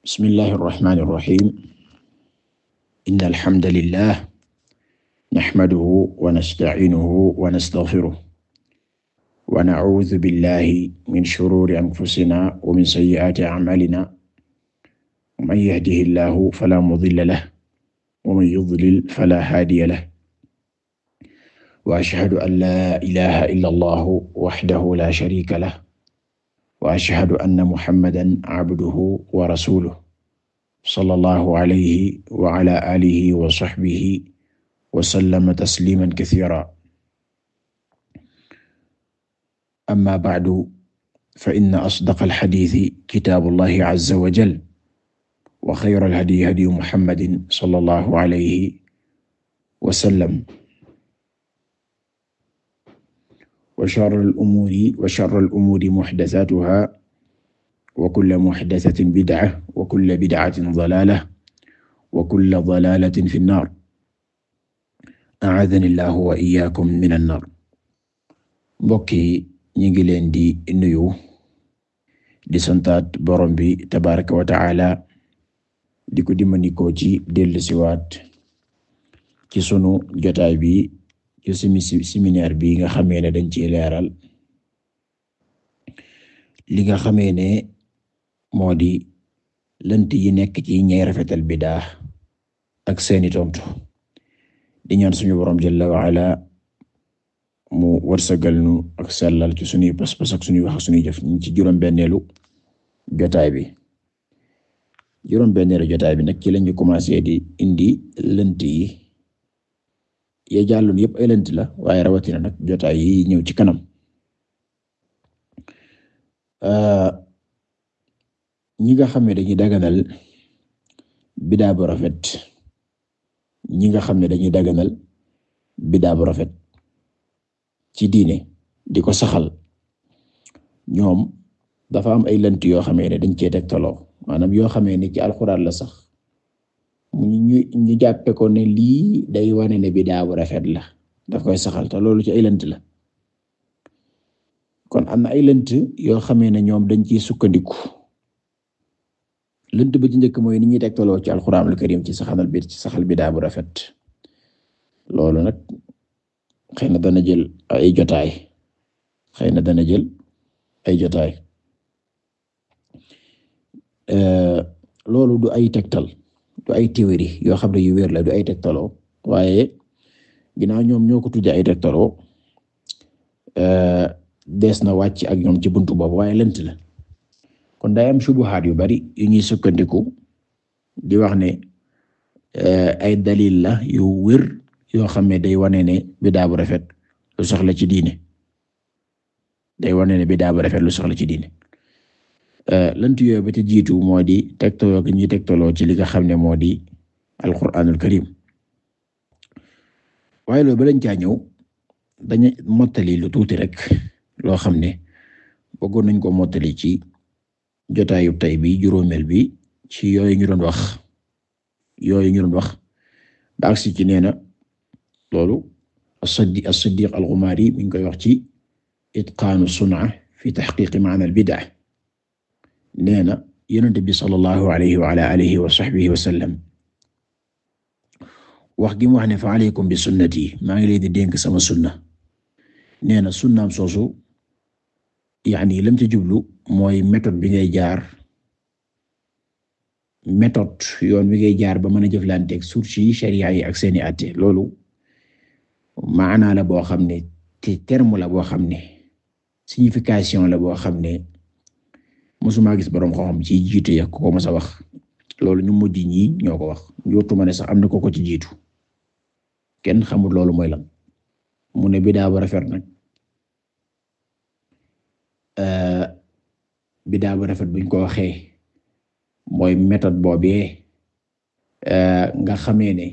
Bismillahi rahmaani rahiim. Innal hamda lillah nahmaduhu wa nasta'iinuhu wa nastaghfiruh wa na'uudhu billahi min shuruuri anfusinaa wa min sayyi'aati a'maalinaa man yahdihillahu falaa mudilla lahu wa man yudlil falaa haadiya lahu. Wa ashhadu an laa ilaaha illallah wahdahu laa shariika lahu wa ashhadu anna muhammadan abduhu wa rasuluhu sallallahu alayhi wa ala alihi wa sahbihi wa sallama tasliman kathira amma ba'du fa inna asdaqa alxadiisi kitaabullahi azza wa jal wa xayra alhadyi hadyu muhammadin sallallahu alayhi wa sallam wa sharral umuuri wa sharral umuuri muhdasaatuhaa wa kulla muhdasatin bid'a wa kulla bid'atin dalaala wa kulla dalaalatin fi nnaar a'aadhani llaahu wa iyyaakum mina nnaar mbokk yi ñu ngi leen di nuyu di santaat borom bi tabaaraka wa ta'aala di ko dimbali ko ci dellusiwaat ci sunu jotaay bi. ci semi bi nga xamee ne dañ ci leeral li nga xamee ne moo di lënt yi nekk ci ñay rafetal bidaa ak seeni tontu di ñaan suñu borom jalla wa ala mu wërsagal nu ak sellal ci suñuy pas-pas ak suñuy wax ak ci juróom-benneelu jotaay bi juróom-benneelu jotaay bi nag ci lañu commencé di indi lënt ya jàllul yëpp ay lënt la waaye rawatina nag jotaay yi ñëw ci kanam ñi nga xam ne dañuy daganal bidaa bu rafet ñi nga xam ne dañuy daganal bidaa bu rafet ci diine di ko saxal ñoom dafa am ay lënt yoo xamee ne dañ cee tegtaloo maanaam yoo xamee ni ci alxuraan la sax ñu ñu jàppe ko ne lii day wane ne bidaa bu rafet la daf koy saxaal te loolu ci ay lënt la kon am na ay lënt yoo xamee ne ñoom dañ ciy sukkandiku lënt ba ci njëkk mooy ni ñuy tegtaloo ci alxuraanul karim ci saxal bi ci saxal bidaa bu rafet loolu nag xëy na dana jël ay jotaay xëy na dana jël ay jotaay euh, loolu du ay tegtal. ay théorie yoo xam ne yu wér la du ay tolo waaye ginnaaw ñoom ñoo ko tudde ay tegtaloo euh, des na wàcc ak ñoom ci buntu boobu waaye lënt la kon day am subuhaat yu bari yu ñuy sukkandiku di wax ne euh, ay dalil la yu wér yoo xam ne day wane ne bidaa bu rafet lu soxla ci diine day wane ne bidaa bu rafet lu soxla ci diine Euh, lënt yooyu ba ci jiitu moo di tegtaloo ñuy tegtaloo ci li nga xam ne moo di alquranul karim waaye loolu ba lañ caa ñëw dañu mottali lu tuuti rek loo xam ne bëggoon nañ ko mottali ci jotaa jotaayu tay bi juróomeel bi ci yooyu ñu doon wax yooyu ñu wax ba agsi ci nee na loolu as-Siddiq as-Siddiq al-Ghumari koy wax ci itqaanu sun'a fi tahqiq ma'na al nee na yonent bi sallallahu alayhi wa ala alihi wa sahbihi wa wax gi wax ne fa alaykum bi sunnati maa ngi leen di dénk sama sunna nee na sunnaam soosu yaani lam ci jublu mooy méthode bi ngay jaar metod yoon bi ngay jaar ba mën a jëflanteeg source yi sharia yi ak seeni àtte loolu maanaa la boo xam ne te terme la boo xam ne signification la boo xam ne mosuma gis borom xam-xam ci jiitu ya ko mos a wax loolu ñu mujj ñi ñoo ko wax jotuma ne sax am na ko ko ci jiitu kenn xamul loolu mooy lan mu ne bidaa bu rafet nag euh, bidaa bu rafet buñ ko waxee mooy méthode boobee euh, nga xamee ne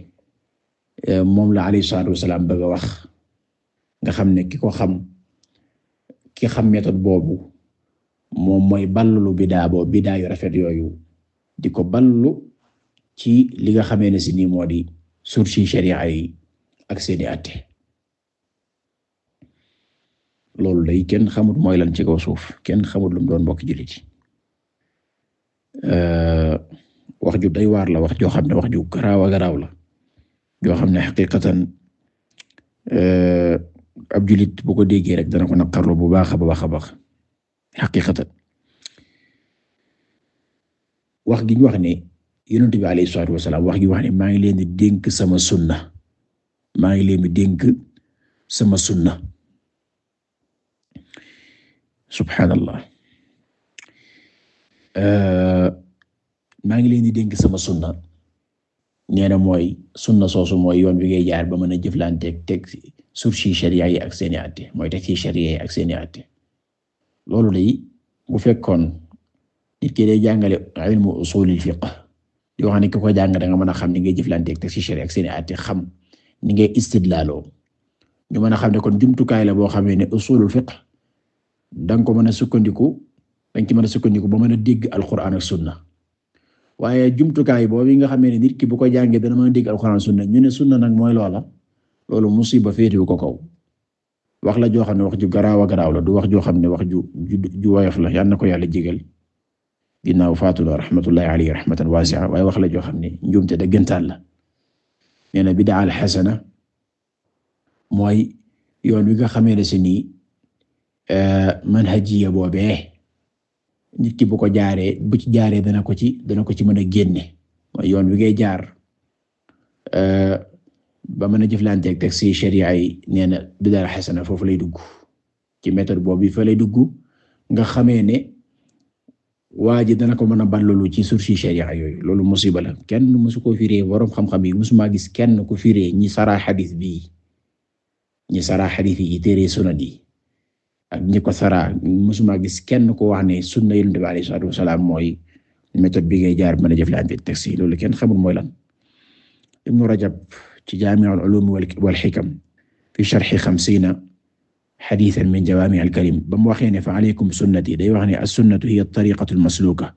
euh, moom la alayhi salaatu wasalaam bëgg wax nga xam ne ki ko xam ki xam méthode boobu. moom mooy ballu bidaa bo bidaa yu rafet yooyu di ko ballu ci li nga xamee ne si nii moo di sursi sharia yi ak seeni atte loolu day kenn xamut mooy lan ci kaw suuf kenn xamut lum doon mbokk jullit yi wax ju day waar la wax joo xam ne wax ju garaaw a la joo xam ne xaqiqatan ab jullit bu ko déggee rek dana ko naqarlu bu baax a baax a baax xaqiqatan wax gi ñu wax ni yonent bi alayhi salaatu wax gi wax ne maa ngi leen di dénk sama sunna maa ngi leen di dénk sama sunna subhaanallah maa ngi leen di dénk sama sunna nee na mooy sunna soosu mooy yoon bi ngay jaar ba mën a jëflanteeg teg suuf si sharia yi ak seeni àtte mooy teg ci sharia yi ak seeni àtte loolu day bu fekkoon nit ki day jàngale ilmu usulil fiqh di wax ne ki ko jàng da nga mën a xam ni ngay jëflanteeg te ci sharia ak seeni xam ni ngay istidlaaloo ñu mën a xam kon jumtukaay la boo xamee ne usulul fiqh danga ko mën a sukkandiku danga ci mën a sukkandiku ba mën a dégg alquran ak sunna waaye jumtukaay boobu nga xamee ne nit ki bu ko jàngee dana mën a dégg alquran sunna ñu ne sunna nag mooy loola loolu musiba féetewu ko kaw wax la joo xam ne wax ju garaaw a garaaw la du wax joo xam ne wax ju ju woyof la yal na ko yàlla jégal ginnaaw faatula rahmatullahi alayhi rahmatan wasi'a waaye wax la joo xam ne njuumte dëggantaan la nee na bid'a al xasana mooy yoon wi nga xamee ne si nii eh, manhajiya boobee nit ki bu ko jaaree bu ci jaaree dana ko ci dana ko ci mën a génne mooy yoon wi ngay jaar eh, ba mën a jëflanteeg teg si sharia yi nee na bidaa xasana foofu lay dugg ci méthode boobu fa dugg nga xamee ne waa ji dana ko mën a banloolu ci source sharia yooyu loolu musiba la kenn mosu ko firee borom xam-xam yi mosuma gis kenn ku firee ñi saraa xadis bii ñi saraa xadis yi téere ñi ko saraa mosuma gis kenn ko wax ne sunna Yonent bi alayhi salaatu mooy méthode bi ngay jaar mën a jëflanteeg teg si loolu kenn xamul mooy lan Ibnu Rajab ci Jaami'ul Ulum wal Hikam fi sharhi xamsiina xadiisan min jawaami'il kalim ba mu waxee ne fa alaykum sunnati day wax ne as-sunnatu hiya at-tariiqatu al-masluuka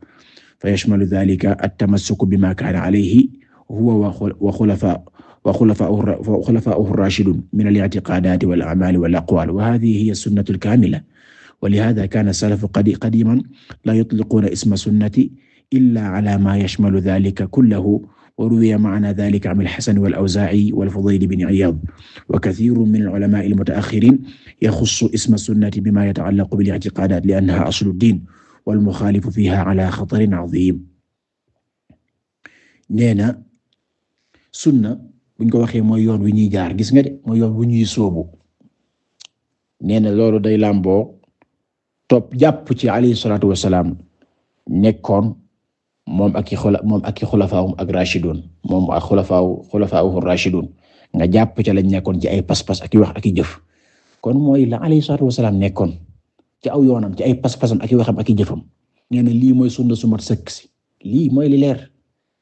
fa yashmalu dhaalika at-tamassuku bimaa kaana alayhi huwa wa khulafaa wa khulafaa'uhu ar-raashiduun min al-i'tiqaadaati wal-a'maali wal-aqwaal wa haadhihi hiya as-sunnatu al-kaamila wa lihaadaa kaana as-salafu qadiiman laa yutliquuna isma sunnati illaa alaa maa yashmalu dhaalika kullahu wa ruwiya ma'ana dhalika an al-Hasan wal-Awzaa'i wal-Fudayl bin Iyaad wa kathiirun min al-'ulamaa'i al-muta'akhkhiriin yaxussu isma sunnati bimaa yata'allaqu bil-i'tiqaadaat li'annahaa aslu ad-diin wal-muxaalifu fiihaa 'alaa khatarin 'aziim nee na sunna buñ ko waxee mooy yoon wi ñuy jaar gis nga de mooy yoon wu ñuy sóobu nee na loolu day làmboo topp jàpp ci alayhi salaatu wa salaam nekkoon. moom ak i xula moom ak i xulafaawum ak rashidun moom ak xulafaaw xulafaawu rashidun nga jàpp ca lañ nekkoon ci ay pas-pas ak i wax ak i jëf kon mooy la alayhi salaatu wasalaam nekkoon aw yoonam ci ay pas-pasam ak i waxam ak i jëfam nee lii mooy sunna su mat sëkk si lii mooy li leer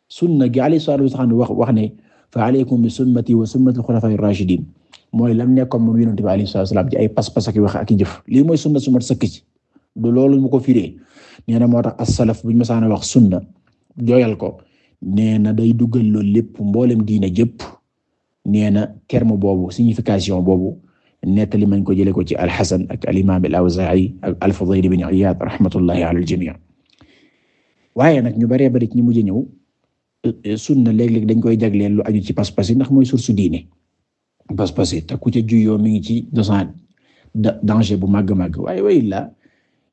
sunna gi alayhi salaatu wasalaam wax wax ne fa alaykum bi sunnati wa rashidin mooy lam nekkoon moom yonent bi alayhi salaatu wasalaam ci ay pas-pas ak i wax jëf lii mooy sunna su mat sëkk si du loolu mu ko firee nee moo tax as-salaf buñu masaana wax sunna joyal ko nee na day duggal loolu lépp mboolem diina jëpp nee na terme boobu signification boobu nettali mañ ko jëlee ko ci alxasan ak alimaam al-Awzaa'i ak al-Fudayl ibn Iyaad rahmatullahi ala al-jamii waaye nag ñu baree bari ci ñu mujj ñëw e, e, sunna léeg-léeg dañ koy jagleel lu aju ci pas-pas yi ndax mooy source diine pas-pas yi te ku ca juyoo mi ngi ci dosaan danger bu màgg-màgg waaye way la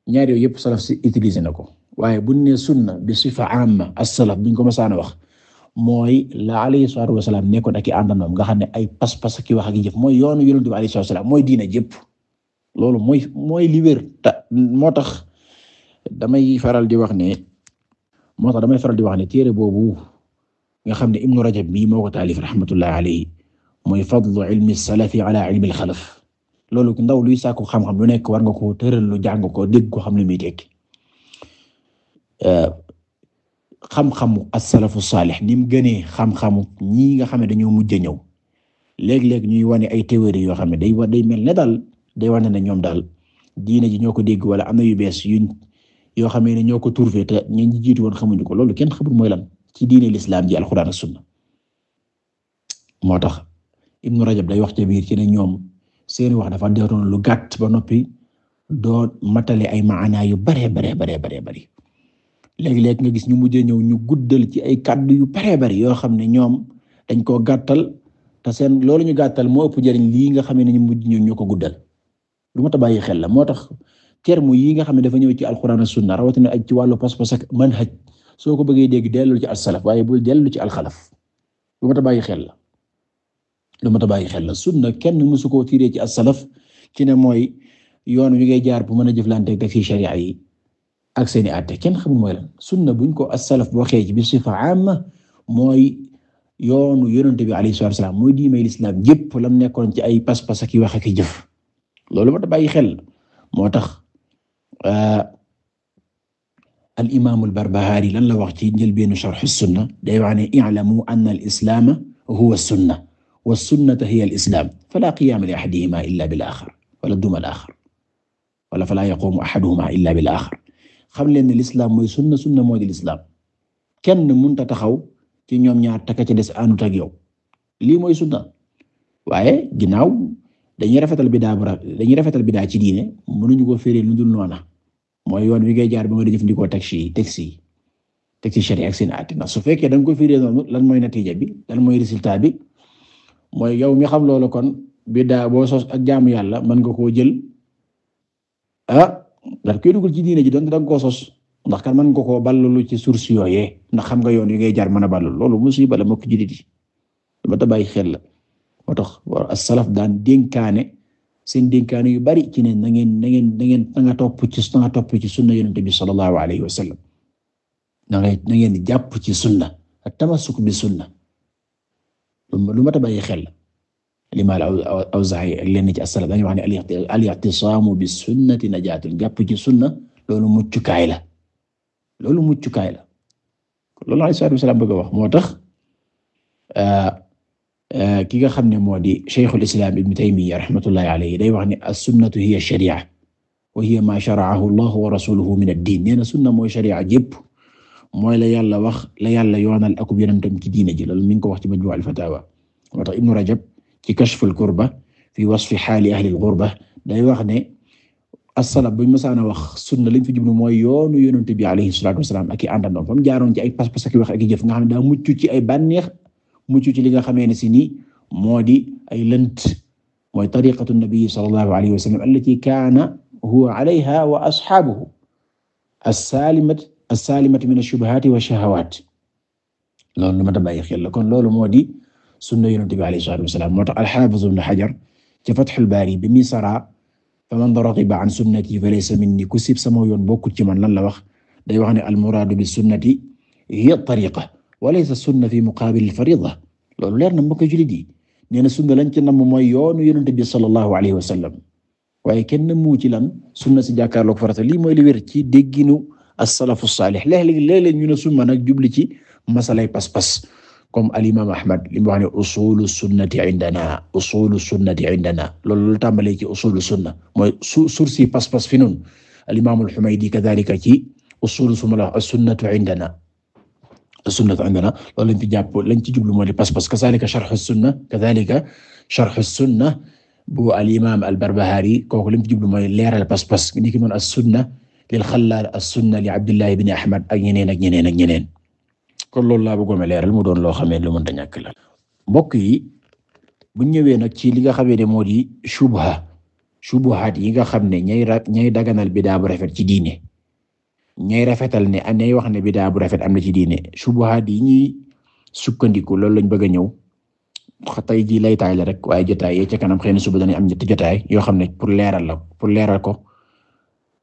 ñaar yooyu yëpp salaf si utiliser na ko waaye buñ ne sunna bi sifa amma as-salaf buñ ko masaana wax mooy la alayhi salaatu wasalaam nekkoon ak i àndandoom nga xam ne ay pas-pas ki wax ak jëf mooy yoonu yonent bi alayhi salaatu wasalaam mooy diina jëpp loolu mooy mooy li moo tax damay faral di wax ne moo tax damay faral di wax ne téere boobu nga xam ne Ibnu Rajab bii moo ko taalif rahmatullahi alayhi mooy fadlu ilmi salafi ala ilmi al-xalaf loolu ndaw luy sàkku xam-xam lu nekk war nga ko tëral lu jàng ko dégg ko xam lu muy tekki xam-xamu as-salafu saalix ni mu gënee xam-xamu ñii nga xam ne dañoo mujj a ñëw léeg-léeg ñuy wane ay théories yoo xam ne day day mel ne daal day wane ne ñoom daal diine ji ñoo ko dégg wala am na yu bees yuñ yoo xam ne ñoo ko trouvé te ñi ñu jiitu woon xamuñu ko loolu kenn xamul mooy lan ci diine l'islam ji alxuraan ak sunna moo tax Ibnu Rajab day wax ca biir ci ne ñoom seeni wax dafa doonoon lu gàtt ba noppi doo matale ay maanaa yu bare bare bare bare bari léegi-léeg nga gis ñu mujjee ñëw ñu guddal ci ay kàddu yu bare bari yoo xam ne ñoom dañ koo gàttal te seen loolu ñu gàttal moo ëpp jëriñ lii nga xam ne ñu mujj ñu ñoo ko guddal lu ma ta bàyyi xel la moo tax terme yi nga xam ne dafa ñëw ci alxuraan ak sunna rawatina ak ci wàllu pas-pas ak manhaj soo ko bëggee dégg dellu ci alsalaf waaye bul dellu ci alxalaf lu ma ta bàyyi xel la lu ma ta bàyyi xel la sunna kenn mësu koo tiiree ci alsalaf ci ne mooy yoon wi ngay jaar bu mën a jëflante ak ci sharia yi ak seeni àtte kenn xamul mooy lan sunna buñ ko as-salaf bu waxee ci bi sifa amma mooy yoonu yonent bi alayhi salaatu wassalaam mooy diimay lislaam yépp lam nekkoon ci ay pas-pas ak i wax ak i jëf loolu moo tax bàyyi xel moo tax euh, al imaam al Barbahari lan la wax ci njëlbeenu sharh sunna day wax ne i'lamu anna al islaama huwa as-sunna wa sunnatu hiya al islaam falaa qiyaama li ahadihima illa bil aaxar wala duma al aaxar wala falaa yaquumu ahaduhuma illa bil aaxar xam leen ne lislaam mooy sunna sunna moo di lislaam kenn mun ta taxaw ci ñoom ñaar takka ci des àndut ak yow lii mooy sunna waaye ginnaaw dañuy rafetal bidaa dañuy rafetal bidaa ci diine mënuñu ko féré lu dul noona mooy yoon wi ngay jaar ba nga jëfandikoo taxi yi taxi yi taxi sharia ak seen àttina su fekkee da koy ko féré noonu lan mooy natiija bi lan mooy résultat bi mooy yow mi xam loolu kon bidaa boo sos ak jaamu yàlla mën nga koo jël ah, daf koy dugal ci diine ji donte da koo sos ndax kan mën nga koo ballalu ci source yooyee ndax xam nga yoon yi ngay jaar mën a ballalu loolu musiba la moo ko jullit yi ta bàyyi xel la moo tax as-salaf daan dénkaane seen dénkaane yu bari ci ne na ngeen na ngeen na ngeen na nga topp ci na nga topp ci sunna yonent bi sallallahu alayhi wa sallam na ngay na ngeen jàpp ci sunna ak tamasuk bi sunna lu ma ta bàyyi xel Imaam al-Awzaa'i ak lenn ci as-salaf dañuy wax ne al-i'tisaamu bi sunnati najaatun jàpp ci sunna loolu muccukaay la loolu muccukaay la loolu alayhi salaatu wa salaam bëgg a wax moo tax ki nga xam ne moo di Shaykhul Islaam Ibn Taymiyya rahmatullahi alayhi day wax ne as-sunnatu hiya ash-sharii'a wa hiya maa shara'ahu Allahu wa rasuluhu min ad-diin nee na sunna mooy sharii'a jépp mooy la yàlla wax la yàlla yoonal akub yonentam ci diine ji loolu mi ngi ko wax ci Majmuu' al-Fataawa moo tax Ibn Rajab ci kashful kurba fi wasfi xaali ahlil xurba day wax ne as-salaf buñ mësaan a wax sunna lañ fi jublu mooy yoonu yonent bi alayhi salaatu wasalaam ak i àndandoom fam jaaroon ci ay pas-pas ak i wax ak i jëf nga xam ne daa mucc ci ay bànneex mucc ci li nga xamee ne si nii moo di ay lënt mooy tariqatu nabi sallallahu alayhi wa sallam allati kaana huwa alayha wa asxaabuhu as-saalimat as-saalimat min ash-shubuhaati wa shahawaat loolu lu ma ta bàyyi xel la kon loolu moo di sunna Yonent bi alayhi salaatu wa salaam moo tax al-Haafiz Ibn Hajar ci Fathul Baari bi mi sara faman raghiba an sunnati falaysa minni ku sib sama yoon bokkul man lan la wax day wax ne al-muraadu bi sunnati hiya at-tariiqa wa laysa sunna fi muqaabil al-fariida loolu leer na mbokk jullit yi nee na sunna lañ ci nam mooy yoonu Yonent bi sallallahu alayhi wa sallam waaye kenn mu ci lan sunna si jàkkaarloog farata lii mooy li wér ci dégginu as-salafu saalih léeg-léeg léeg ñu ne sunna nag jubli ci masalay pas-pas comme al imam ahmad li mu wax ne usulu sunnati indana usulu sunnati indana loolu lu tàmbalee ci usulu sunna mooy su sursi pas-pas fi nun al imam al humaydi kadhalika ci usulu sumala as-sunnatu indana as-sunnatu indana loolu lañ ci jàpp lañ ci jublu mooy pas-pas kadhalika sharh as-sunna kadhalika sharh as-sunna bu al imam al barbahari kooku lañ ci jublu mooy leeral pas-pas ni ki noon as-sunna lil khallal as-sunna li abdullah ibn ahmad ak ñeneen ak ñeneen ak ñeneen kon loolu laa bëggoon a leeral mu doon loo xamee lu mënta ñàkk la. mbokk yi bu ñëwee nag ci li nga xamee ne moo di shubha shubuhaat yi nga xam ne ñay ra ñay daganal bidaa bu rafet ci diine ñay rafetal ne ñay wax ne bidaa bu rafet am na ci diine shubuhaat yi ñuy sukkandiku loolu lañ bëgg a ñëw tey jii laytaay la rek waaye jotaay yee ca kanam xëy na suba dañuy am ñetti jotaay yoo xam ne pour leeral la pour leeral ko.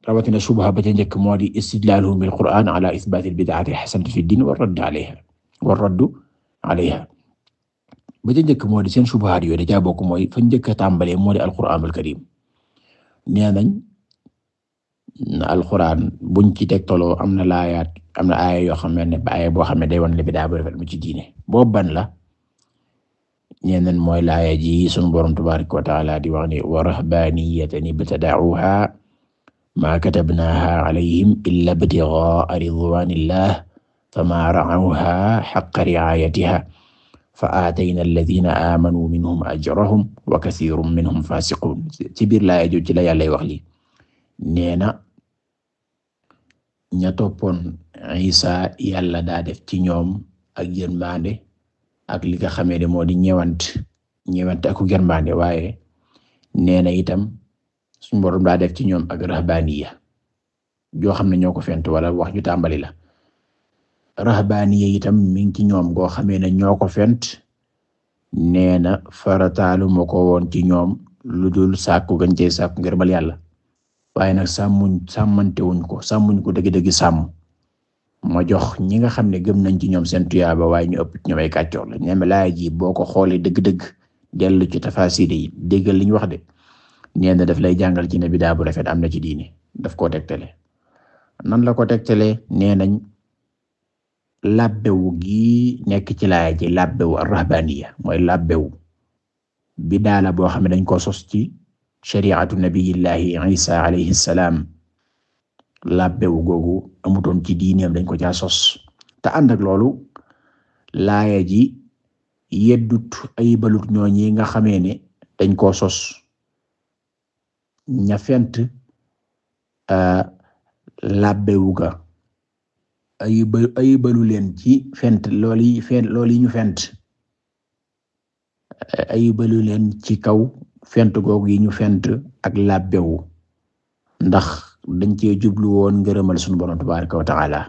rawatina subha ba ca njëkk moo di istidlaaluhum bil Qur'aan ala isbaat al bid'ati hasanati fi diin wa radd alayha wa radd alayha ba ca njëkk moo di seen subhaat yooyu da caa bokk mooy fa njëkk a tàmbalee moo di alqur'aanul karim alqur'aan buñ ci tegtaloo am na laayaat am na aaya yoo xam ne boo xam ne day wan li bidaa bu rafet mu ci diine boobu ban la ñeneen mooy laaya ji sunu borom tabaaraka wa ta'aala di wax ni wa rahbaaniyatan maa katabnaahaa alayhim illaa ibtighaa'a ridwaanillaah famaa ra'awhaa haqqa ri'aayatihaa fa aataynaa allaziina minhum ajrahum wa minhum faasiquun ci biir laaya jooju la Yàlla wax lii nee na ña toppoon Yàlla daa def ci ñoom ak yërmande ak li nga xamee ne moo di ñëwant ñëwant ak yërmande suñu borom daa def ci ñoom ak rahbaaniya joo xam ne ñoo ko fent wala wax ju tàmbali la rahbaaniya itam mi ngi ci ñoom goo xamee ne ñoo ko fent nee na farataalu ma ko woon ci ñoom lu dul sàkku gën cee sàkku ngërmal yàlla waaye nag sàmmuñ sàmmantewuñ ko sàmmuñ ko dëgg-dëgg sàmm ma jox ñi nga xam ne gëm nañ ci ñoom seen tuyaaba waaye ñu ëpp ñoom ay kàccoor la ñeme laay ji boo ko xoolee dëgg-dëgg dellu ci tafaasir yi déggal li ñu wax de ñeent daf lay jàngal ci ne bidaa bu rafet am na ci diine daf koo tegtale nan la ko tegtale nee nañ labbewu gi nekk ci laaya ci labbewu arrahbaniya mooy labbewu bidaa la boo xam ne dañ ko sos ci shari'atu nabiyillahi isa alayhi salaam labbewu googu amutoon ci diineem dañ ko caa sos te ànd ak loolu laaya ji yeddut ay balut ñooñi nga xamee ne dañ koo sos ñafent uh, làbbewuga ayuba ayubalu leen ci fent lool yi fent lool yi ñu fent ayubalu leen ci kaw fent googu yi ñu fent ak làbbewu ndax dañ cee jublu woon ngërëmal sunu borom tabaraka wa taala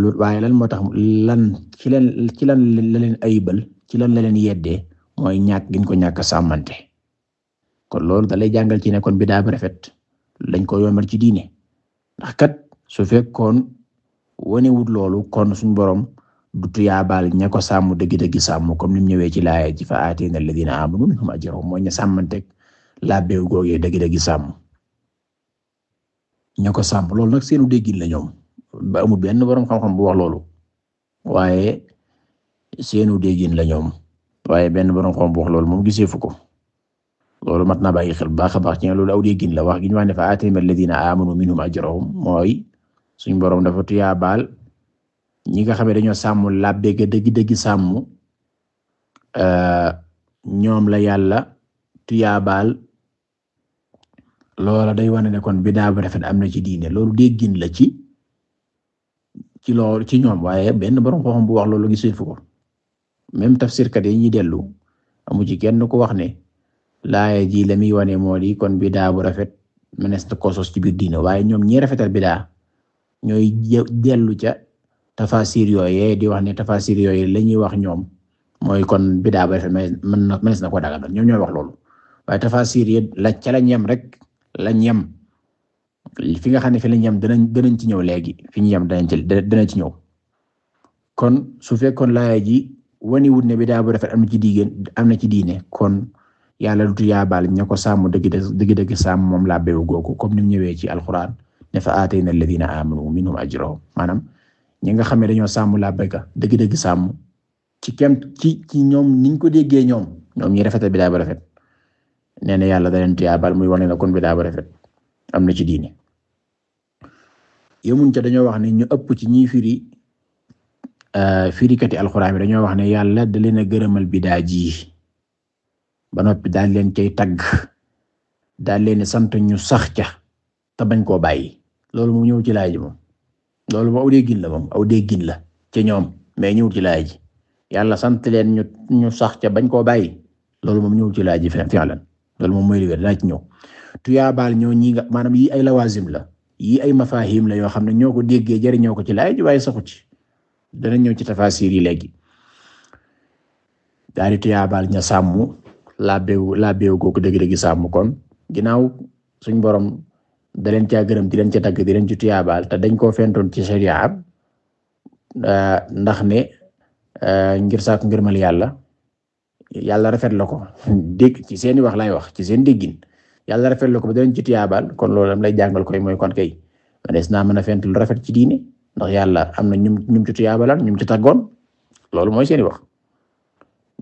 lu waaye lan moo tax lan ci lan ci lan la leen ayibal ci lan la leen yeddee mooy ñàkk giñ ko ñàkk sàmmante kon loolu dalay jàngal ci ne kon bidaa bu rafet lañ ko yombal ci diine ndax kat su fekkoon wut loolu kon suñ borom du tuyaabaal ña ko sàmm dëgg-dëgg sàmm comme ni mu ñëwee ci laaya ci fa aatina alladhina amanu minhum ajrahum mooy ña sàmmanteeg laa beew googee dëgg-dëgg sàmm ña ko sàmm loolu nag seenu déggin la ñoom benn borom xam-xam bu wax loolu waaye wu déggin la ñoom waaye benn borom xam-xam loolu moom gisee fu ko. loolu mat naa bàyyi xel bu baax a baax ci loolu aw déggin la wax gi ñu wax ne fa atim alladina amanu minhum ajrahum mooy suñ boroom dafa tuyaabaal ñi nga xam ne dañoo sàmm labbe ga dëgg-dëgg sàmm euh, ñoom la yàlla tuyaabaal loola day wane ne kon bidaa bu rafet am na ci diine loolu déggin la ci ci loolu ci ñoom waaye benn borom xam bu wax loolu gisuñ fu ko même tafsirkat yi ñuy dellu amu ci kenn ko wax ne laaya ji la muy wane moo di kon bidaa bu rafet mënees na ko sos ci biir diina waaye ñoom ñi rafetal bidaa ñooy dellu ca tafasir yooyee di wax ne tafasir yooyu la ñuy wax ñoom mooy kon bidaa bu rafet mën na mënees na ko dagal ñoom ñooy wax loolu waaye tafasir yi la ca lañ rek la yem fi nga xam ne fi lañ yem danañ danañ ci ñëw léegi fi ñu yem danañ ci danañ ci ñëw kon su fekkoon laaya ji wani wut ne bidaa bu rafet am na ci diigéen am na ci diine kon. yàlla du yaabaal ña ko sàmm dëgg dëgg dëgg sàmm moom laa béyu googu comme ni mu ñëwee ci alxuraan ne fa aatayna alladhina amanu minhum ajrahum maanaam ñi nga xam ne dañoo sàmm laa béykat dëgg-dëgg sàmm ci kem ci ci ñoom niñ ko déggee ñoom ñoom ñi rafetal bidaa ba rafet nee na yàlla da leen du muy wane na kon bidaa ba rafet am na ci diine yemuñ ca dañoo wax ne ñu ëpp ci ñi firi euh, firikati alxuraan bi dañoo wax ne yàlla da leen a gërëmal bidaa ba noppi daal leen cay tagg daal leen sant ñu sax ca te bañ koo bàyyi loolu mu ñëw ci laay ji moom loolu moom aw déggin la moom aw déggin la ci ñoom mais ñëw ci laay ji yàlla sant leen ñu ñu sax ca bañ koo bàyyi loolu moom ñëw ci laay ji fi'lan loolu moom mooy li wér dinaa ci ñëw tuyaabaal ñoo ñi nga maanaam yi ay lawazim la yii ay mafahim la yoo xam ne ñoo ko déggee jëriñoo ko ci laay waaye saxu ci dana ñëw ci tafasir yi léegi daal tuyaabaal ña sàmm laa beew laa beew googu dëgg-dëgg sàmm kon ginnaaw suñ borom da leen caa gërëm di leen ca tagg di leen ci tuyaabaal te dañ koo fentoon ci sharia eh, ndax ne eh, ngir saako ngërmal yàlla yàlla rafet la ko dégg ci seeni wax lay wax ci seen déggin yàlla rafet la ko ba da leen ci tuyaabaal kon loolu lay jàngal koy mooy kon kay naa mën a fent lu rafet ci diine ndax yàlla am na ñum ñum ci tuyaabalaan ci taggoon loolu mooy seeni wax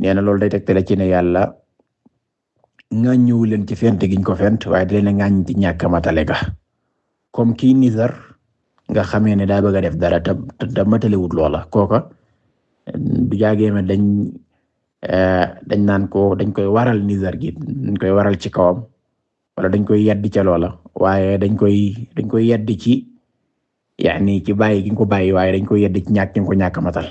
nee na loolu day tegtale ci ne yàlla ŋàññiwu leen ci fent giñ ko fent waaye da leen a ŋàññ ci ñàkk matale ga comme kii nizar nga xamee ne daa bëgg def dara te te wut loola kooka du jaagee ma dañ eh, dañ naan ko dañ koy waral nizar gi dañ koy waral ci kawam wala dañ koy yedd ca loola waaye dañ koy dañ koy yedd ci yaani ci bàyyi gi ko bàyyi waaye dañ koy yedd ci ñàkk ko ñàkk matal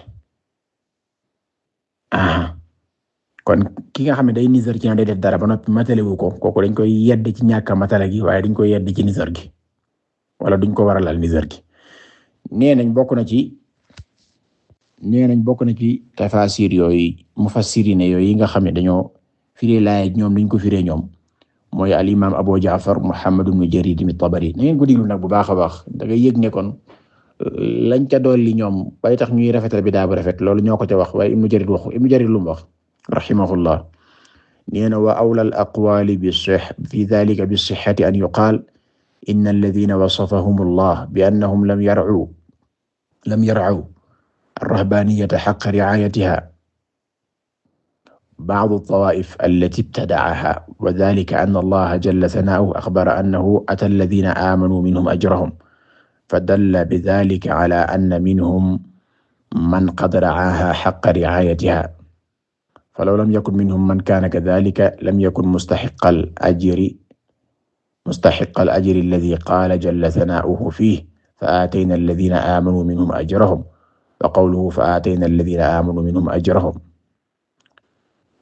kon ki nga xam ne day Nigérien day def dara bana noppi matale wu ko kooku dañ koy yedd ci ñàkk matala gi waaye duñ koy yedd ci Niger gi wala duñ ko waralal Niger gi nee nañ bokk na ci nee nañ bokk na ci tafaasir yooyu mufassirine yooyu yi nga xam ne dañoo firee laay ñoom duñ ko fire ñoom mooy al imam Abu Ja'far Muhammad ibn Jarir ibn Tabari na ngeen ko diglu nag bu baax a baax da ngay ne kon lañ ca dolli ñoom bay tax ñuy rafetal bi daa bu rafet ñoo ko ca wax waaye Ibn Jarir wax Ibn Jarir lu mu raximahullah nee na wa awla al aqwaali bi fi dalika bi sixati an yuqaal in alladina wasafahum allah bi annahum lam yarcuu lam yarcuu arrahbaniyata xaqa ricaayatiha bacdu altawaaif allati ibtadacaha wa dalika anna allaha jalla sanaahu axbara annahu ata alladina aamanuu minhum ajrahum fadalla bidalika ala anna minhum man qad racaaha xaqa ricaayatiha falaw lam yakun minhum man kaana kadaalika lam yakun mustaxiqal ajri mustaxiqal ajri allazii qaala jalla sanaa'uhu fiihi fa aataynaa allaziina aamanuu minhum ajrahum wa qawluhu fa aataynaa allaziina aamanuu minhum ajrahum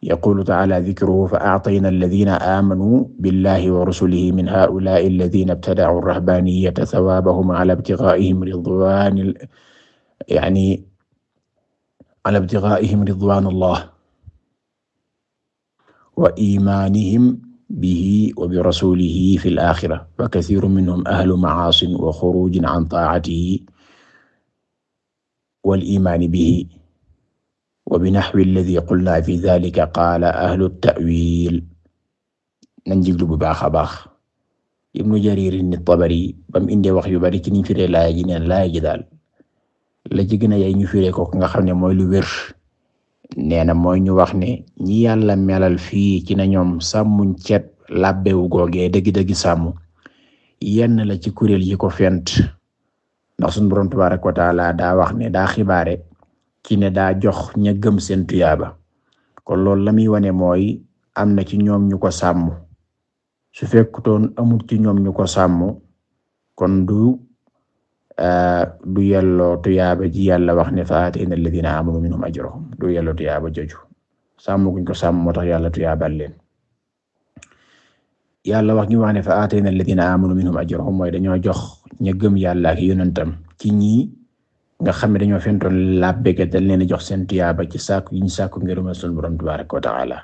yaquulu ta'aalaa dikruhu fa a'taynaa allaziina aamanuu billaahi wa rusulihi min haa'ulaa'i allaziina ibtada'uu rahbaaniyyata sawaabahum 'alaa ibtighaa'ihim ridwaani ya'nii 'alaa ibtighaa'ihim ridwaanullaah wa iimaanihim bihi wa bi rasuulihi fi al-aaxira fa kasiirun minhum ahlu macaasi wa xuruujin can taacatihi wal iimaani bihi wa bi naxwi allazii qulnaa fi zaalika qaala ahlu ta'wiil nañ jiglu bu baax a baax Ibnu Jariir at-Tabari bam indee wax yu bari ci niñ firee laaya ji neen laaya ji daal la ci gën a yey ñu firee ko nga xam ne mooy lu wér nee na mooy ñu wax ne ñi yàlla melal fii ci na ñoom sàmmuñ cet làbbewu googee dëgg-dëgg sàmm yenn la ci kuréel yi ko fent ndax suñu borom tabaaraka wa taala daa wax ne daa xibaare ci ne daa jox ña gëm seen kon loolu la muy wane mooy am na ci ñoom ñu ko sàmm su fekkutoon amul ci ñoom ñu ko sàmm kon du Eh, du yelloo tuyaaba ji yàlla wax ne fa aataynaa alladhiina aamanu minhum ajrahum du yelloo tuyaaba jooju sàmm guñ ko sàmm moo tax yàlla tuyaabal leen yàlla wax gi wax ne fa aataynaa alladhiina aamanu minhum ajrahum mooy dañoo jox ña gëm yàlla ak yonentam ci ñi nga xam ne dañoo fentoon labbeke dañ leen jox seen tuyaaba ci saako yi ñu saako ngërëmal sunu borom tabaaraka wa ta'aala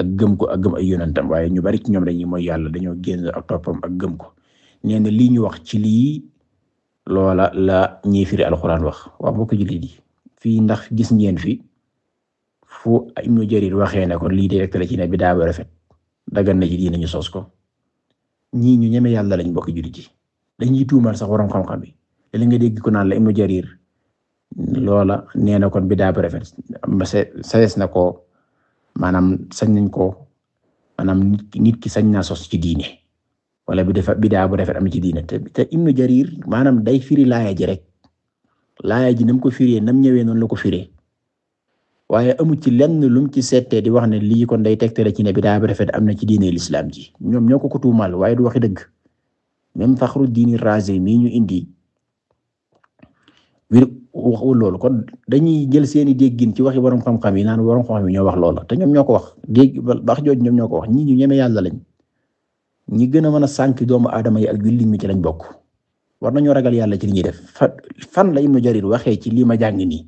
ak gëm ko ak gëm ay yonentam waaye ñu bari ci ñoom dañuy mooy yàlla dañoo génn ak toppam ak gëm ko nee na lii ñu wax ci loola la ñiy firi alxuraan wax wa mbokk jullit yi fii ndax gis ngeen fi fu Ibnu Jarir waxee ne kon lii de rek la ci ne bi daa war rafet dagan na ci diine ñu sos ko ñii ñu ñeme yàlla lañ mbokk jullit yi dañuy tuumal sax waroon xam-xam bi te li nga dégg ko naan la Ibnu Jarir loola nee na kon bi daa war a rafet sayees na ko maanaam sañ nañ ko maanaam nit ki sañ naa sos ci diine. wala bi defa bidaa bu rafet am ci diina te te Ibnu Jarir maanaam day firi laaya ji rek laaya ji nam ko firee nam ñëwee noonu la ko firee waaye amu ci lenn lum ci seetee di wax ne lii kon day tegtale ci ne bidaa bu rafet am na ci diine lislaam ji ñoom ñoo ko ko tuumal waaye du waxi dëgg même Faxruddin Razi mii ñu indi wir waxul loolu kon dañuy jël seeni déggin ci waxi borom xam-xam yi naan borom xam-xam yi ñoo loola te ñoom ñoo ko wax dégg bax jooju ñoom ñoo ko wax ñii ñu ñeme yàlla lañ. ñi gën a mën a sànq doomu aadama yi ak jullit ñi ci lañ bokk war nañoo ragal yàlla ci li ñuy def fan la Ibnu Jarir waxee ci lii ma jàng nii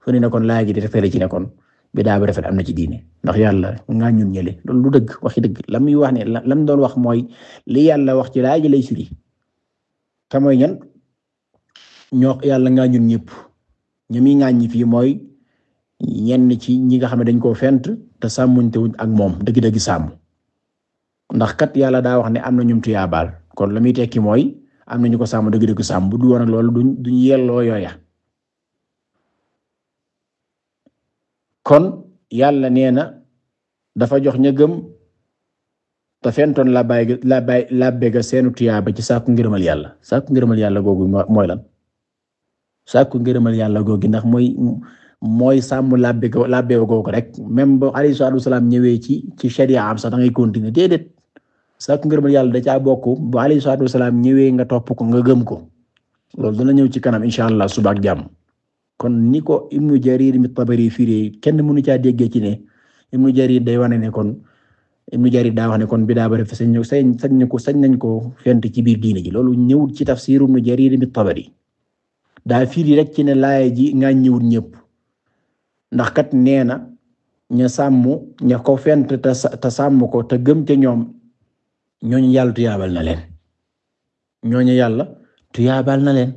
fu ne ne kon laaj di tegtale ci ne kon bidaa bu rafet am na ci diine ndax yàlla ngaa ñun ñële loolu lu dëgg waxi dëgg la muy wax ne lam doon wax mooy li yàlla wax ci laaj lay firi te mooy ñan ñoo yàlla ngaa ñun ñëpp ñoom yi ngaañ ñi mooy ñenn ci ñi nga xam ne dañ koo fent te sàmmuñte wuñ ak moom dëgg-dëgg sàmm. ndax kat yàlla daa wax ne am na ñum tuyaabaal kon la muy tekki mooy am na ñu ko sàmm dëgg-dëgg sàmm bu du woon ak loolu duñ duñ yelloo yooya kon yàlla nee na dafa jox ña gëm te fentoon la bay la bay la bega seenu tuyaaba ci sàkku ngërëmal yàlla sàkku ngërëmal yàlla googu mooy lan sàkku ngërëmal yàlla googu ndax mooy mooy sàmm la bega googu rek même ba alayhi ñëwee ci ci sharia am sax da ngay continuer sa ngërëmal yàlla da caa bokk bu alayhi salaatu wasalaam ñëwee nga topp ko nga gëm ko loolu dana ñëw ci kanam insha allah suba ak jàmm kon ni ko Ibnu Jarir mi Tabari firi kenn mënu caa déggee ci ne Ibnu Jarir day wane ne kon Ibnu Jarir daa wax ne kon bidaa bari fi sañ nañ ko sañ nañ ko fent ci biir diine ji loolu ñëwut ci tafsiru Ibnu Jarir mi Tabari daa firi rek ci ne laaya ji nga ñëwut ñëpp kat nee na ña sàmm ña ko fent te sàmm ko te gëm ca ñoom. ñooñu yàlla tuyaabal na leen ñooñu yàlla tuyaabal na leen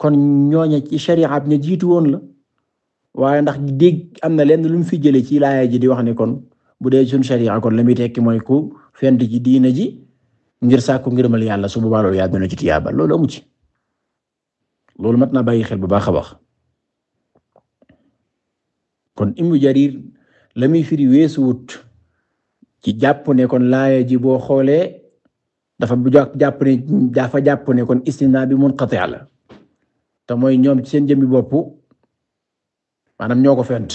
kon ñooña ci sharia bi ñu jiitu woon la waaye ndax dégg am na leen lu mu fi jëlee ci laaya ji di wax ne kon bu dee suñ sharia kon la muy tekki mooy ku fent ji diina ji ngir sàkku ngërëmal yàlla su boobaa loolu yàlla dina ci tuyaabal loolu amu loolu mat na bàyyi xel bu baax a baax kon Ibnu Jarir la firi weesu wut ci jàpp ne kon laaya ji boo xoolee dafa jàpp ne dafa jàpp ne kon istinaa bi munqati la te mooy ñoom ci seen jëmmi bopp maanaam ñoo ko fent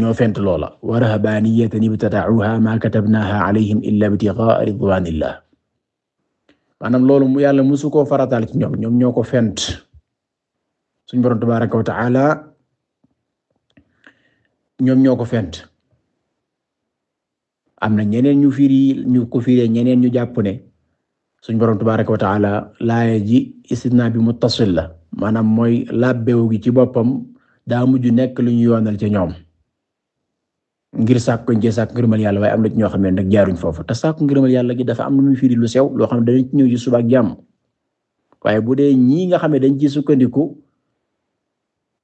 ñoo fent loola wa rahabaaniyatan ibtada'uha ma katabnaha alayhim illa ibtigha'a ridwanillah maanaam loolu yàlla musu koo farataal ci ñoom ñoom ñoo ko fent suñ borom tabaaraka wa ta'ala ñoom ñoo ko fent am na ñeneen ñu firi ñu ko firee ñeneen ñu jàpp ne suñ borom tabaraka wa taala laaya ji istisna bi muttasil la maanaam mooy beew gi ci boppam daa mujj nekk lu ñu yoonal ci ñoom ngir sàkku ñu sàkku ngërëmal yàlla waaye am na ci ñoo xam jaaruñ foofu te sàkku ngërëmal yàlla gi dafa am lu muy firi lu sew loo xam ne dañu ci ñëw ci suba ak jàmm waaye bu dee ñii nga xam ne dañ ci sukkandiku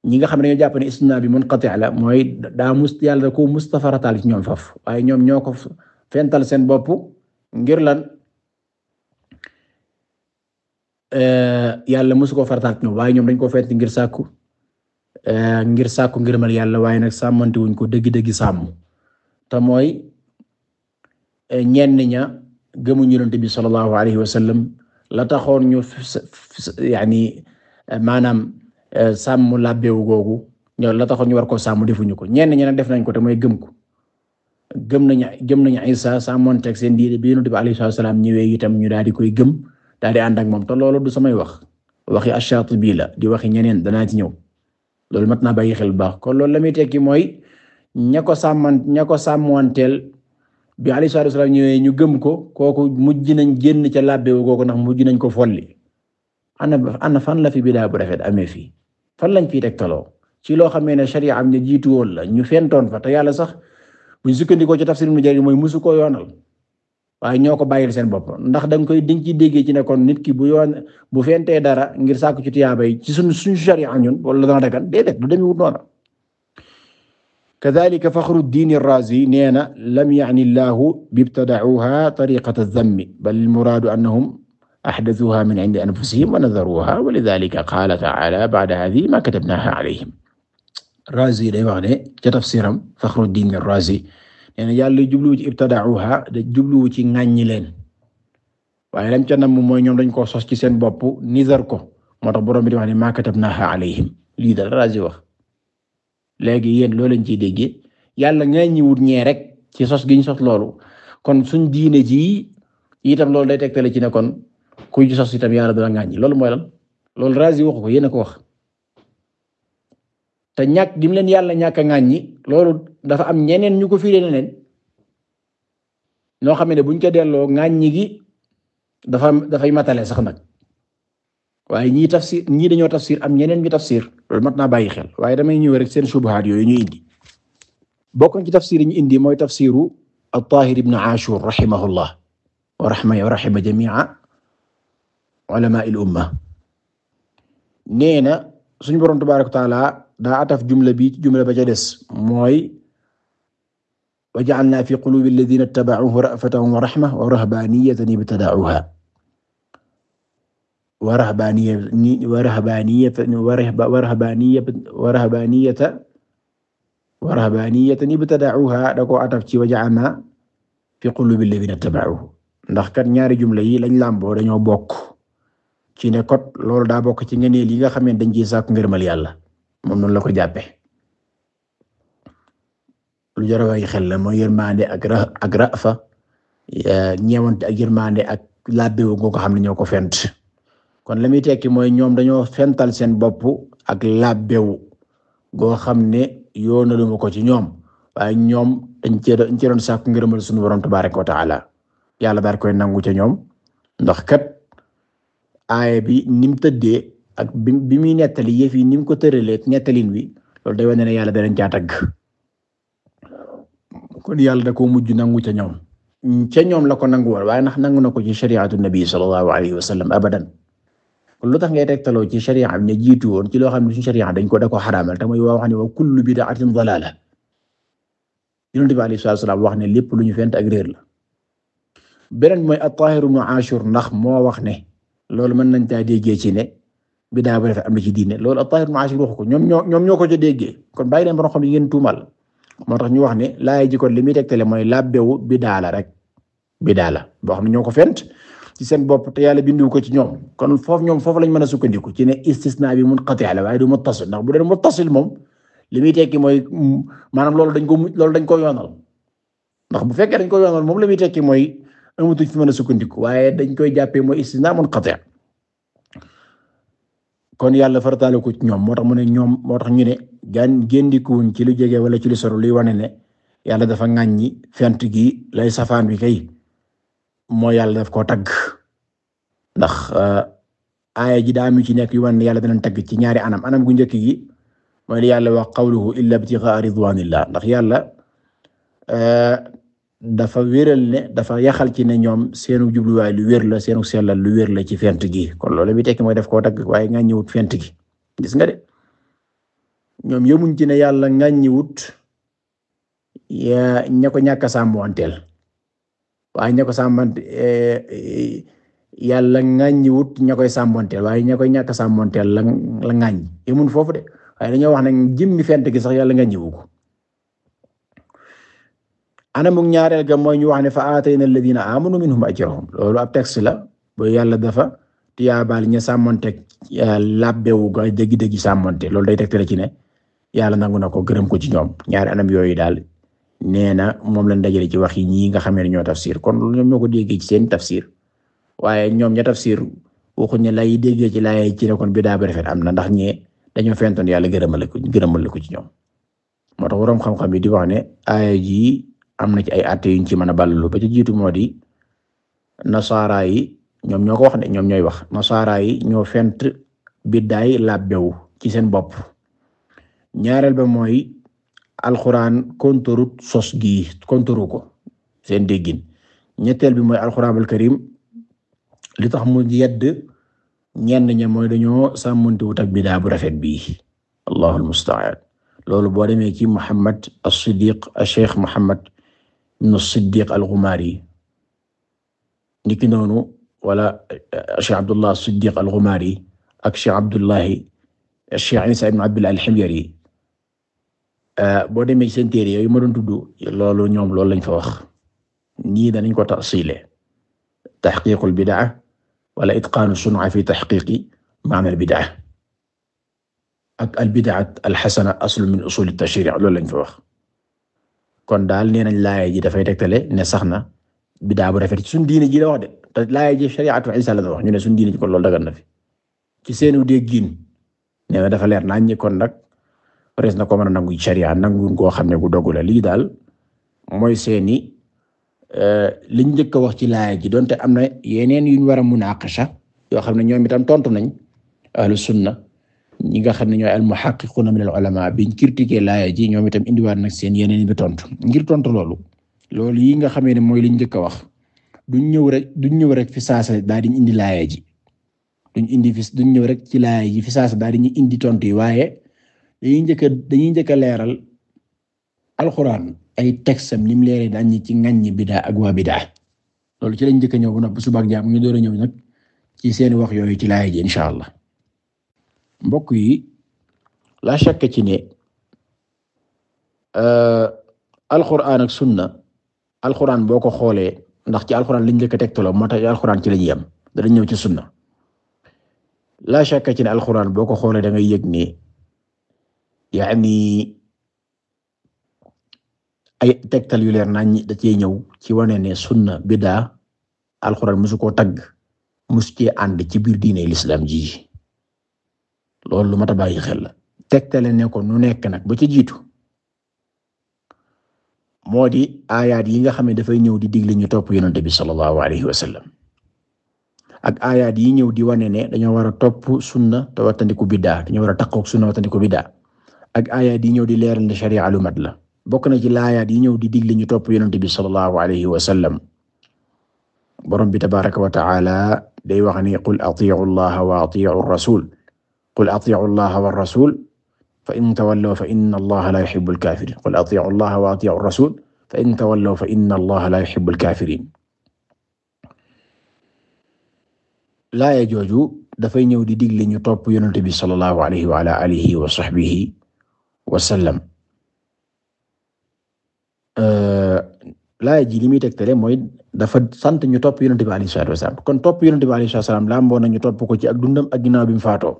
ñi nga xam ne dañoo jàpp ne istinaa bi munqati la mooy daa mus yàlla da ko mustafarataal ci ñoom faf waaye ñoom ñoo ko fental seen bopp ngir lan eh, yàlla mosu ko farataal ci waaye ñoom dañ ko fent ngir sàkku eh, ngir sàkku ngërëmal yàlla waaye nag sàmmante ko dëgg-dëgg sàmm te mooy eh, ñenn ña gëmuñu yonent bi sallallahu alayhi wa sallam la taxoon ñu Euh, sàmm làbbewu googu ñoo la taxoon ñu war koo sàmm defuñu ko ñenn ñi nag def nañ ko te mooy gëm ko gëm nañu gëm nañu Isa sàmmonteeg seen diine bi Yonent bi alayhi salaam ñëwee itam ñu daal di koy gëm daal di ak moom te loolu du samay wax waxi Ash-Shaatibi la di waxi ñeneen danaa ci ñëw loolu mat naa bàyyi xel bu baax kon loolu la muy tekki mooy ña ko sàmman ña ko sàmmoonteel bi alayhi salaam ñëwee ñu gëm ko kooku mujj nañ génn ca làbbewu googu ndax mujj nañ ko folli ana ana fan la fi bidaa bu rafet amee fii fan lañ ciy tegtaloo ci loo xamee ne sharia am ne jiitu woon la ñu fentoon fa te yàlla sax buñ sukkandikoo ci tafsir mu jari mooy musu koo yoonal waaye ñoo ko bàyyil seen bopp ndax danga koy dañ ci déggee ci ne kon nit ki bu yoon bu fentee dara ngir sàkku ci tiyaaba yi ci suñ suñu sharia ñun wala dana dagan déedéet du demewut noona kadhalika fakhruddin ar-razi nee na lam ya'ni llahu bi ibtada'uha tariqata adh-dhamm bal al-muradu annahum axdasuha min indi wa nadaruha wa lidaalika qaala taala ba'da haadihi maa katabnaaha alayhim Raazi day wax ne ca tafsiram Faxruddiin yàlla jubluwu ci ibtada'uha da jubluwu ci ŋàññi leen waaye lam ca nam mooy ñoom dañ koo sos ci seen bopp nizar ko moo tax borom bi di wax ne maa katabnaaha alayhim lii dal Raazi wax léegi yéen loo leen ciy déggee yàlla ŋàññi wut ñee rek ci sos gi ñu sos loolu kon suñ diine ji itam loolu day tegtale ci ne kon. kuy sos itam yàlla dana ngaaññi loolu mooy lan loolu Razi waxu ko yéen a ko wax te ñàkk dim leen yàlla ñàkk a ngaaññi loolu dafa am ñeneen ñu ko fiire ne leen ñoo xam ne buñ ko delloo ngaaññi gi dafa dafay matale sax nag waaye ñii tafsir ñii dañoo tafsir am ñeneen ñu tafsir loolu mat naa bàyyi xel waaye damay ñëw rek seen subahaat yooyu ñu indi bokk ci tafsir yi ñu indi mooy tafsiru at-Tahir ibn Ashur rahimahullah wa rahma ulamaa il umma nee na suñu borom tabaaraka wa taala daa ataf jumla bi ci jumla ba ca des mooy wa ja'alnaa fi quluubi allaziina ittaba'uuhu ra'fatan wa rahma wa rahbaaniyatan ibtada'uuhaa wa rahbaaniyatan wa rahbaaniyatan wa rahbaaniyatan wa rahbaaniyatan ibtada'uuhaa da ko ataf ci wa ja'alnaa fi quluubi allaziina ittaba'uuhu ndax kat ñaari jumla yi lañ làmboo dañoo bokk ci ne kot loolu daa bokk ci ngëneel yi nga xam ne dañ ciy sàkku ngërëmal yàlla moom noonu la ko jàppe lu jar a bàyyi la mooy yërmande ak ra ak rafa ñeewante ak yërmande ak labbewu nga ko xam ne ñoo ko fent kon la muy tekki mooy ñoom dañoo fental seen bopp ak labbewu goo xam ne yoonaluma ko ci ñoom waaye ñoom dañ cee dañ cee doon sàkku ngërëmal sunu borom tabaaraka wa taala yàlla daal koy nangu ca ñoom ndax kat. aaya bi ni mu tëddee ak bi bi muy nettali yëf yi ni mu ko tëralee nettalin wi loolu day wane ne yàlla danañ caa tagg kon yàlla da koo mujj nangu ca ñoom ca ñoom la ko nangu woon waaye ndax nangu na ko ci shari'atu nabi sallallahu alayhi wa sallam abadan lu tax ngay tegtaloo ci sharia am ne jiitu woon ci loo xam ne suñu sharia dañ ko da ko xaraamal te mooy waa ne wa kullu bid'atin dalaala yonent bi salaam wax ne lépp lu ñu fent ak réer la beneen mooy at-Tahir ibn Ashur ndax moo wax ne loolu mën nañ taa déggee ci ne bidaa ba dafa na ci diine loolu at-Tahir ibn Ashir ko ñoom ñoo ñoom ko ca déggee kon bàyyi leen borom xam yi wax ne laay ji kon li muy tegtale mooy labbewu bidaa la rek bidaa la boo ñoo ko fent ci seen bopp te yàlla bindu ko ci ñoom kon foofu ñoom foofu lañ man a sukkandiku ci ne istisna bi munqati la waaye du muttasil ndax bu doon muttasil moom li muy tekki mooy maanaam loolu dañ ko loolu dañ ko yoonal ndax bu fekkee dañ ko yoonal moom li mooy amatuñ fi mën a sukkandiku waaye dañ koy jàppee mooy istisna munqati kon yàlla farataale ko ci ñoom moo tax mu ne ñoom moo tax ñu ne gan géndikuwuñ ci lu jege wala ci lu sori luy wane ne yàlla dafa ŋàññi fent gi lay safaan bi kay mooy yàlla daf koo tagg ndax euh, aaya ji daa am ci nekk yu wane ne yàlla danañ tagg ci ñaari anam anam gu njëkk gi mooy li yàlla wax qawluhu illa ibtighaa ridwaanillah ndax yàlla euh, dafa wéral ne dafa yaxal ci ne ñoom seenu jubluwaay lu wér la seenu sellal lu wér la ci fent gi kon loolu bi tekki mooy def koo dagg waaye nga ñëwut fent gi gis nga de ñoom yemuñ ci ne yàlla nga ñëwut ya ña ñàkk a sàmmanteel waaye ña ko sàmmant e, e, yàlla ŋàññiwut ña koy sàmmanteel waaye ña koy ñàkk a la la ŋàññ foofu de waaye dañoo wax ne jëmmi fent gi sax yàlla ŋàññiwu ko anamu ñaareel ga mooy ñu wax ne fa aatayna alladhina amanu minhum ajrahum loolu ab texte la bu yàlla dafa tiyaabaal ña sàmmonteeg labbewu ga dëgg-dëgg sàmmonte loolu day tegtale ci ne yàlla nangu na ko gërëm ko ci ñoom ñaari anam yooyu daal nee na moom la dajale ci wax yi ñii nga xamee ne ñoo tafsir kon loolu ñoom ñoo ko déggee ci seen tafsir waaye ñoom ña tafsir waxuñ ne lay déggee ci laay ci ne kon bidaa bu am na ndax ñee dañoo fentoon yàlla gërëmale ko gërëmale ko ci ñoom moo tax waroom xam am na ci ay atte yuñ ci mën a ballulu ba ci jiitu moo di nasaara yi ñoom ñoo ko wax ne ñoom ñooy wax nasaara yi ñoo fent biddaay labbewu ci seen bopp ñaareel ba mooy alxuraan kontorut sos gi kontoru ko seen déggin ñetteel bi mooy alxuraanul karim li tax mu yedd ñenn ña mooy dañoo sàmmantiwut ak bidaa bu rafet bii allahul musta'an loolu boo demee ci Muhammad as-Siddiq Muhammad ibnu Siddiq al-Ghumari niki noonu wala eh, Cheikh Abdullah Siddiq al-Ghumari ak Cheikh Abdullahi eh, Cheikh Isa ibn Abdullah al-Himyari eh, boo demee ci seen téere yooyu ma doon tudd loolu ñoom loolu lañ fa wax nii danañ ko tafsiile tahqiqul bid'a wala itqaanu sun'a fi tahqiqi ma'na al-bid'a ak al-bid'a al-hasana aslun min usul at-tashri' loolu lañ fa wax kon daal nee nañ laaya ji dafay tegtale ne sax na bidaa bu rafet ci suñ diine ji la wax de te laaya ji at Isa la wax ñu ne suñ diine ji kon loolu dagan na fi ci seenu déggin nee na dafa leer nañ ñi kon nag res na ko mën a nangu sharia nangu koo xam ne bu dogu la daal mooy seeni eh, liñ njëkk a wax ci laaya ji donte am na yeneen yuñ war a munaqasha yoo xam ne ñoom itam tontu nañ ahlu sunna ñi nga xam ne ñooy al muhaqqiquna min al ulama biñ critiqué laaya ñoom itam indiwaat nag seen yeneen bi tontu ngir tontu loolu loolu yi nga xamee ne mooy liñ njëkk a wax duñ ñëw rek duñ ñëw rek fi saasa daal diñ indi laaya ji duñ indi fi duñ ñëw rek ci laaya ji fi saasa daal diñu indi tontu yi waaye dañuy njëkk a dañuy njëkk a leeral alxuraan ay texam nim leeree daan ñi ci ñi bidaa ak waa bidaa loolu ci lañ njëkk a ñëw bu noppi suba ak jàmm ñu door a ñëw nag ci seeni wax yooyu ci laaya ji insha Allah mbokk yi la shakka ci ne euh, alquran ak sunna alquran boo ko xoolee ndax ci alquran liñ njëkk a tegtaloo moo tax alquran ci la ñuy yem danañ ñëw ci sunna la shakka ci ne alquran boo ko xoolee da ngay yëg ne yaani ay tegtal yu leer nañ da cee ñëw ci wane ne sunna bidaa alquran mosu koo tagg mosu cee ànd ci biir diine l'islam ji. loolu lu mat a bàyyi xel la tegtale ne ko nu nekk nag ba ci jiitu moo di aayaat yi nga xam ne dafay ñëw di digle ñu topp yonent bi sallallahu alayhi wa ak aayaat yi ñëw di wane ne dañoo war a topp sunna te wattandiku biddaa dañoo war a takkook sunna wattandiku biddaa ak aayaat yi ñëw di leeral ne lu mat la bokk na ci laayaat yi ñëw di digle ñu topp yonent bi sallallahu alayhi wa sallam borom bi tabaaraka wa ta'ala day wax ni qul atii'u allaha wa atii'u rasul qul atiicu llaha wa rasul fa in tawallaw fa inna allaha la yuhibbul kaafiriin qul atiicu llaha wa atiicu rasul fa in tawallaw fa inna allaha la yuhibbul kaafiriin laaya jooju dafay ñëw di digle ñu topp yonent bi sallallahu alayhi wa ala alihi wa sahbihi wa sallam laaya ji li muy tegtale mooy dafa sant ñu topp yonent bi alayhi salaatu wa salaam kon topp yonent bi alayhi salaatu wa salaam laa mboon na ñu topp ko ci ak dundam ak ginnaaw bi mu faatoo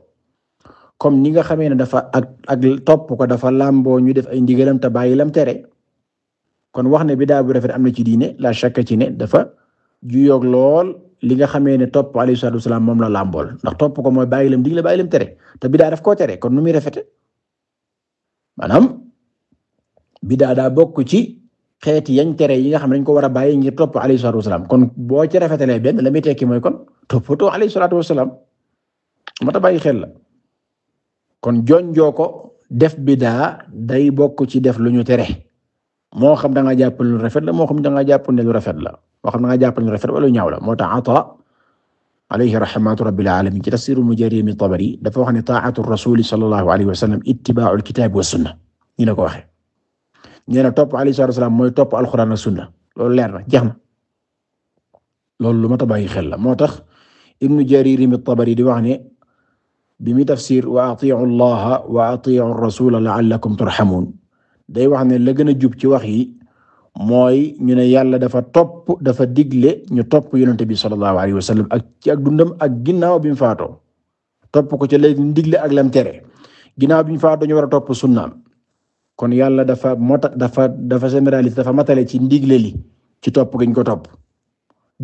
comme ni nga xamee ne dafa ak ak topp ko dafa làmboo ñu def ay ndigalam ta bàyyi lam tere kon wax ne bidaa bu rafet am na ci diine la shakka ci ne dafa juyoog lool li nga xamee ne topp alayhi salaatu wasalaam moom la làmbool ndax topp ko mooy bàyyi lam digle bàyyi lam tere te bidaa daf ko tere kon nu muy rafete maanaam bidaa daa bokk ci xeeti yañ tere yi nga xam ne ko war a bàyyi ngir topp alayhi salaatu wasalaam kon boo ci rafetalee ben la muy tekki mooy kon toppatoo alayhi salaatu wasalaam mata bàyyi xel la kon jonjoo ko def bidaa day bokk ci def lu ñu tere moo xam da nga jàpp lu rafet la moo xam da nga jàpp ne lu rafet la moo xam na nga jàpp lu rafet wala lu ñaaw la moo tax Ata alayhi rahmatu rabbil alamin ci mu tafsir Mujarim Tabari dafa wax ne ta'atu rasul sallallahu alayhi wa sallam ittiba'ul kitab wa sunna ñi la ko waxe nee na topp alayhi salatu mooy topp alquran ak sunna loolu leer na jeex na loolu lu mat a bàyyi xel la moo tax Ibnu Jarir Tabari di wax ni bi muy tafsir wa atiu allaha wa atiu rasula la'allakum turhamun day wax ne la gën a jub ci wax yi mooy ñu ne yàlla dafa topp dafa digle ñu topp yonente bi sallallahu alayhi wa ak ci ak dundam ak ginnaaw bi mu faatoo topp ko ci leen digle ak lam tere ginnaaw bi mu faatoo ñu war a topp sunnaam kon yàlla dafa mota dafa dafa généralisé dafa matale ci ndigle li ci topp giñ ko topp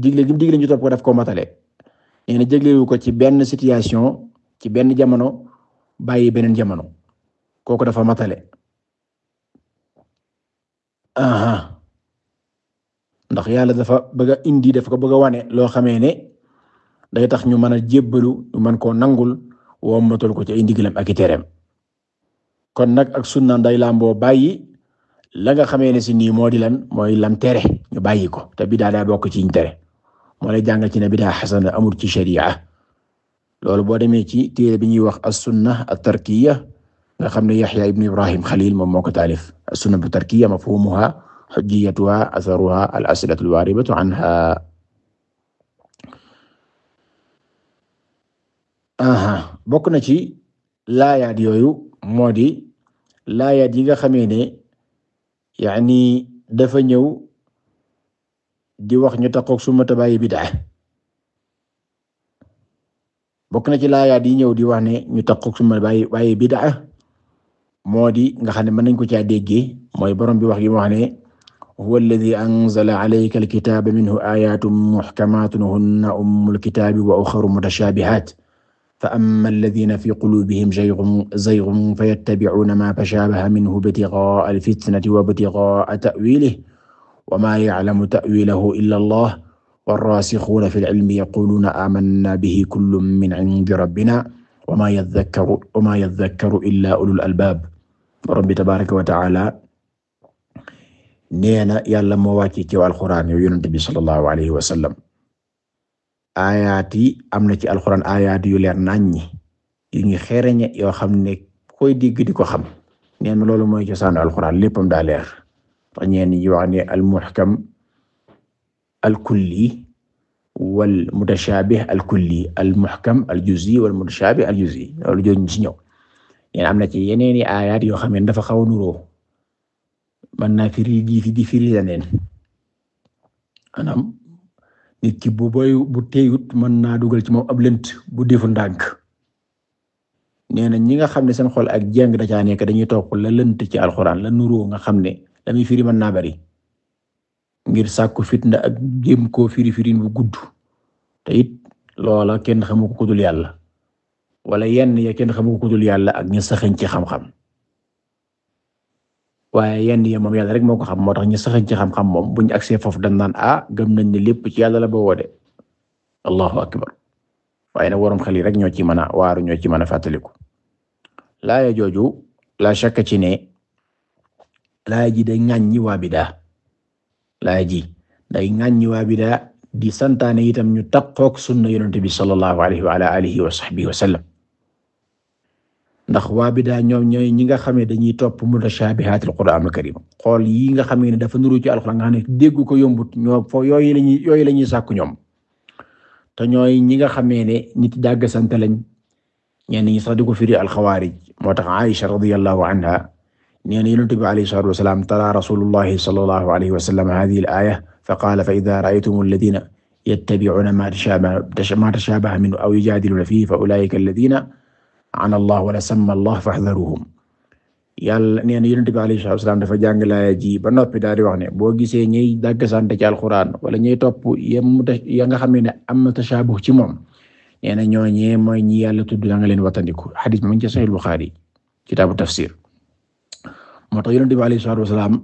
digle gi mu digle ñu topp ko daf ko matale nee na ko ci benn situation ci benn jamono bàyyi beneen jamono kooku dafa matale ndax yàlla dafa bëgg a indi dafa ko bëgg a wane loo xamee ne day tax ñu mën a jébbalu ñu mën koo nangul wommatul ko ci ay ndigalam tereem kon nag ak sunna day làmboo bàyyi la nga xamee ne si nii moo di lan mooy lam tere ñu bàyyi ko te bidaa daa bokk ci ñu tere moo lay jàngal ci ne bidaa xasana amul ci sharia loolu boo demee ci téere bi ñuy wax as-sunna at-tarkiyya nga xam ne Yaxya ibn Ibrahim Xalil moom moo ko taalif as-sunna at-tarkiyya mafhumuha hujjiyatuha atharuha al-as'ilatu al-waribatu anha aha bokk na ci laayaat yooyu moo di laayaat yi nga xamee ne yaani dafa ñëw di wax ñu taxoog suma tabayi bid'a bokk na ci laayaat yi ñëw di wax ne ñu takku suma bàyyi bàyyi bid'a moo di nga xam ne mën nañ ko caa déggee mooy borom bi wax gi mu wax ne huwa alladhi anzala alayka alkitaba minhu ayatun muhkamatun hunna ummul kitabi wa ukhra mutashabihat fa amma alladhina fi qulubihim zayghun zayghun fayattabi'una ma tashabaha minhu ibtigha'a alfitnati wa ibtigha'a ta'wilihi wa ma ya'lamu ta'wilahu illa Allah warraasixuuna fil ilmi yaquuluuna aamannaa bihi kullun min cindi rabbinaa wamaa yaddakkaru wamaa yaddakkaru illaa ulul albaab Rabbi tabaaraka wa ta'aalaa nee na yàlla moo wàcce ci alxuraan yow yonent bi sallallahu alayhi wa sallam aayaat yi am na ci alxuraan aayaat yu leer naññi yu ngi xereñe yoo xam ne koy digg di ko xam nee na loolu mooy cosaanu alxuraan léppam daa leer tax ñeen ñi wax ne almuhkam alkulli wal mutashaabih alkulli almuhkam aljuzi wal mutashaabih aljuzi loolu jooju ñu ci ñëw am na ci yeneen i aayaat yoo xam ne dafa xaw a nuroo mën naa firi di fi di firi leneen anam nit ki bu boy bu teeyut mën naa dugal ci moom ab lënt bu defu ndànk neen na ñi nga xam ne seen xol ak jàng da caa nekk dañuy topp la lënt ci alxuraan la nuroo nga xam ne la muy firi mën naa bari ngir sàkku fitna ak jéem ko firi firin bu gudd te it loola kenn xamu ko ku dul wala yenn ya kenn xamu ko ku ak ñi saxañ ci xam-xam waaye yenn ya moom yàlla rek moo ko xam moo tax ñi saxañ ci xam-xam moom buñu agsee foofu dañ naan ah gëm nañ ne lépp ci yàlla la boo wode allahu akbar waaye nag waroom xel rek ñoo ci mën a waaru ñoo ci mën a fàttaliku laaya jooju la shakka ci ne laaya ji day laay ji day ŋàññi waa bidaa di santaane itam ñu taqoog sunna yonente bi sallallahu alayhi wa ala alihi wa sahbihi wa sallam ndax waa ñoom ñooy ñi nga xamee dañuy topp mutashaabihaat alquraan alkarim xool yi nga xamee ne dafa nuru ci alxuraan nga xam ko yombut ñoo fo lañuy yooyu la sàkku ñoom te ñooy ñi nga xamee ne nit dàgg sant lañ ñenn ñi sax ko firi alxawaarij moo tax Aïcha radiyallahu anha nee na yonent bi alayhi salaatu wa salaam tala rasulullahi sallallahu alayhi wa sallam haadihi al-aaya fa qaala fa idaa ra'aytumu allaziina yattabi'uuna maa tashaabbaha minhu aw yujaadiluuna fiihi fa ulaa'ika allaziina an'a Allahu wa laa samma Allahu fahdharuhum yàlla nee na yonent bi alayhi salaatu wa salaam dafa jàng laaya ji ba noppi daal di wax ne boo gisee ñiy dàggsante ci alxuraan wala ñiy topp yem ya nga xam ne am na tashaabuh ci moom nee na ñooñee mooy ñi yàlla tudd na nga leen watandiku hadiis bi mu ngi ci Sahih Buxaari kitaabu tafsiir moo tax yonent bi alayhi salaatu wasalaam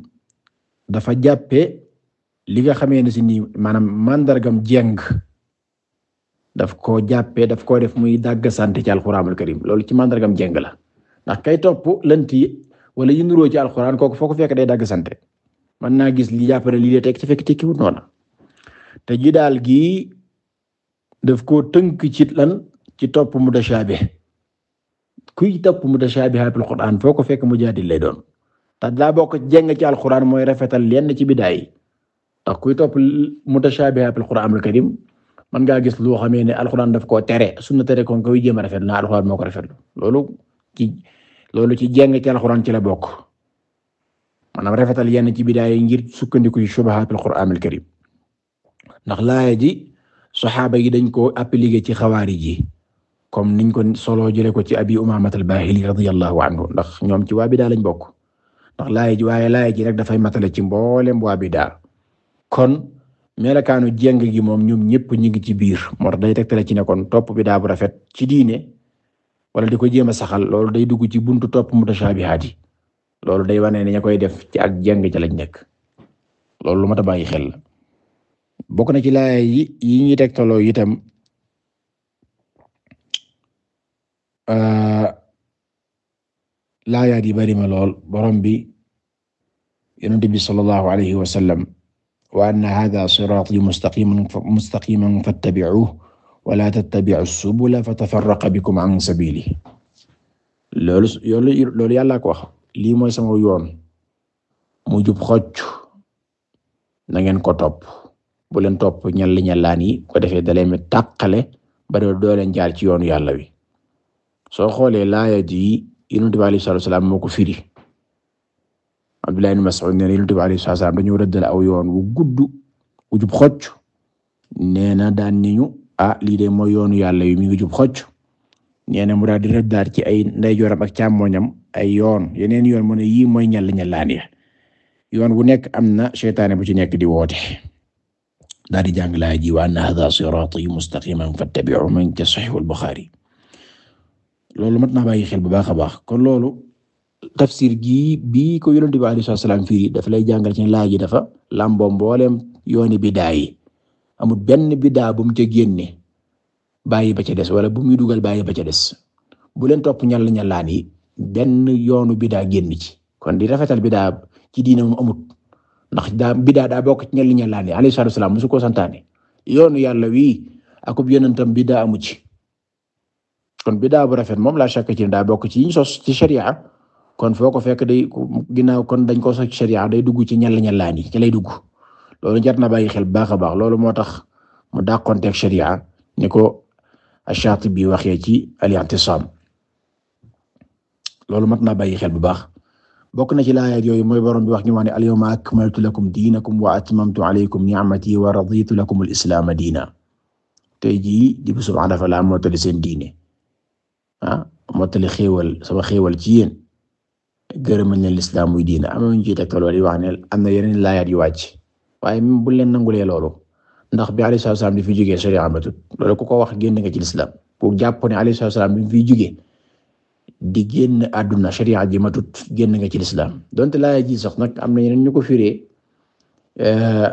dafa jàppee li nga xamee ne si nii maanaam mandargam jeng daf koo jàppee daf koo def muy dàgg sant ci alxuraanul karim loolu ci mandargam jeng la ndax kay topp lënt yi wala yu nuroo ci alxuraan kooku foo ko fekk day dàgg sante mën naa gis li jàpp ne lii teg ci fekk tekkiwut noona te ji daal gi def ko tënk ci lan ci topp mutashaabi kuy topp mutashaabihaatul quraan foo ko fekk mujaadil lay doon ndax daa bokk jeng ci alquran mooy rafetal yenn ci bidaa yi ndax kuy topp mutashaabihaat alquran alkarim man ngaa gis loo xamee ne alquran daf koo tere sunna tere kon koy jéem a rafetlu moo ko rafetlu loolu ci loolu ci jeng ci alquran ci la bokk maanaam rafetal yenn ci bidaa yi ngir sukkandiku ci shubahaat alquran alkarim ndax laaya ji saxaaba yi dañ ko appliqué ci xawaari ji comme niñ ko solo jëlee ko ci abi umaamat al baahili radiyallahu anhu ndax ñoom ci waa bidaa lañ bokk ndax laay ji waaye laay ji rek dafay matale ci mboolem waa bidaa kon melakaanu jéng gi moom ñoom ñëpp ñu ngi ci biir moo day tegtale ci ne kon topp bidaa bu rafet ci diine wala di ko jéem a saxal loolu day dugg ci buntu topp mutashaabihaat yi loolu day wane ne ña koy def ci ak jéng ca lañ nekk loolu lu mat bàyyi xel bokk na ci laay yi yi ñuy tolo itam. Euh, laayaat yi bari na lool borom bi yonent bi sallallahu alayhi wa sallam wa anna hadha sirati mustaqiman mustaqiman fattabi'uhu wa la tattabi'u subula fatafarraqa bikum an sabilihi loolu loolu yàlla ko wax lii mooy sama yoon mu jub xocc na ngeen ko topp bu leen topp ñalli ñallaan yi ko defee dalee mi tàqale ba doo leen ci yoon yàlla wi soo xoolee Yonent bi alayhi salaatu wa salaam moo ko firi Abdullah ibn Mas'ud nee na Yonent bi alayhi salaatu wa salaam dañoo aw yoon wu gudd wu jub xocc nee na daan nañu ah lii de mooy yoon yàlla yu mi ngi jub xocc mu daal di rëddaat ci ay ndeyjooram ak càmmoñam ay yoon yeneen yoon mu ne yii mooy ñàll ñàllaan ya yoon bu nekk am na seytaane bu ci nekk di woote daal di jàng laa ji wa anna hadha sirati mustaqiman fattabi'u man tasahihul Bukhari loolu mat naa bàyyi xel bu baax a baax kon loolu tafsir gii bii ko yonent bi alayhi salaam firi dafa lay jàngal ci laaj dafa làmboo mbooleem yooni bidaa yi amul benn bidaa bu mu ca génne bàyyi ba ca des wala bu muy dugal bàyyi ba ca des bu leen topp ñal ñalaan yi benn yoonu bidaa génn ci kon di rafetal bidaa ci diine moom amut ndax daa bidaa daa bokk ci ñal ñalaan yi alayhi salaam musu ko santaane yoonu yàlla wii akub yonentam bidaa amu ci kon biddaa bu rafet moom laa shakk ci daa bokk ci yiñ sos ci sharia kon foo ko fekk day ginnaaw kon dañ ko sos ci sharia day dugg ci ñal ñalaan yi ci lay dugg loolu jar na bàyyi xel bu baax a baax loolu moo tax mu dàqonteeg sharia ni ko ash bi waxee ci Al-I'tisam loolu mat naa bàyyi xel bu baax bokk na ci laayaat yooyu mooy borom bi wax ñu wax ne al-yawma akmaltu lakum diinakum wa atmamtu alaykum ni'mati wa raditu lakum al-islaama diina tey jii di bisub Arafa laa mottali seen diine ah mottali xéewal sama xéewal ci yéen gërëmal na lislaam muy diina am nañu ciy tegtal wala di wax ne am na yeneen laayaat yu wàcc waaye bu leen nangulee loolu ndax bi alayhi salaam di fi jógee sharia amatul loolu ku ko wax génn nga ci lislaam ku jàpp ne alayhi salaam bi fi jógee di génn àdduna sharia ji génn nga ci lislaam donte laayaat ji sax nag am na yeneen ñu ko firee eh,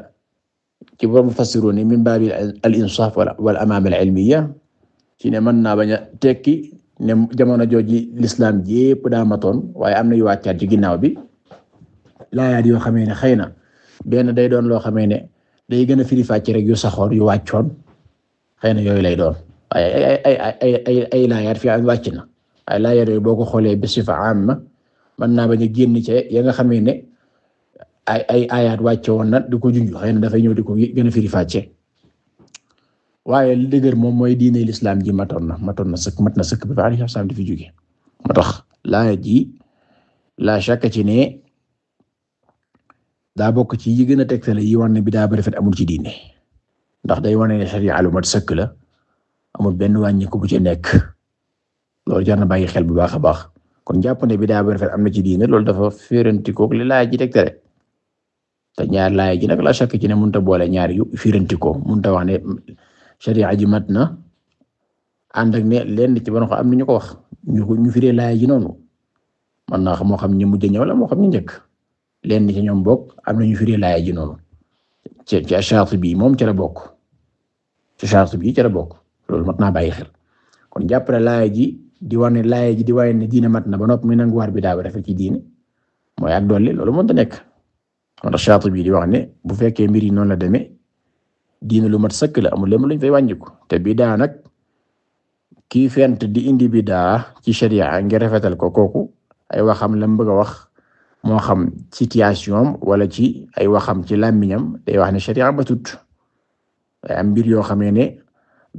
ci borom mufassiruun min baabi al wal amaama al ilmiyya ci ne mën naa bañ a tekki. ne jamono jooji l'islam jépp daa matoon waaye am na yu wàccaat ci ginnaaw bi laayaat yoo xamee ne xëy na benn day doon loo xamee ne day gën a firi fàcce rek yu saxoon yu wàccoon xëy na yooyu lay doon waaye ay ay ay laayaat fi am wàcc na ay laayaat yooyu boo ko xoolee bi sifa amma mën naa bañ a génn ci ya nga xamee ne ay ay ayaat wàcce woon na di ko junj xëy na dafay ñëw di ko gën a firi fàcce waaye li dëgër moom mooy diine lislaam ji matoon na na sëkk mat na sëkk bi fa alayhi salaam di fi jóge moo tax laaya ji la shakka ci ne daa bokk ci yi gën a tegtale yi wane bi daa bari amul ci diine ndax day wane ne sharia lu sëkk la benn wàññi bu ci nekk loolu jar na bàyyi xel bu baax a baax kon jàpp ne bi daa bari am na ci diine loolu dafa féerantikook li laaya ji tegtale te ñaar laaya ji nag la shakka ci ne mënut a boole ñaar yu féerantiko mënut a wax ne sariya ji mat na ànd ak ne lenn ci borom am na ñu ko wax ñu ñu firee laay ji noonu man naa xam moo xam ñu mujj ñëw la moo xam ñu njëkk lenn ci ñoom bokk am na ñu firee laay ji noonu ci ci Shaatibi moom ci bokk ci Shaatibi ci bokk loolu mat naa bàyyi xel kon jàpp na laay ji di wane laay ji di waaye ne diine mat na ba noppi mu nangu war bi daa ba dafa ci diine mooy ak dolli loolu mënta nekk kon Shaatibi di wax ne bu fekkee mbir yi noonu la demee. diine lu mat sëkk la amul lenn luñ fay wàññiku te bidaa nag kii fent di indi bidaa ci sharia ngir rafetal ko kooku ay waxam lam bëgg a wax moo xam situation wala ci ay waxam ci làmmiñam day wax ne sharia ba ay am mbir yoo xamee ne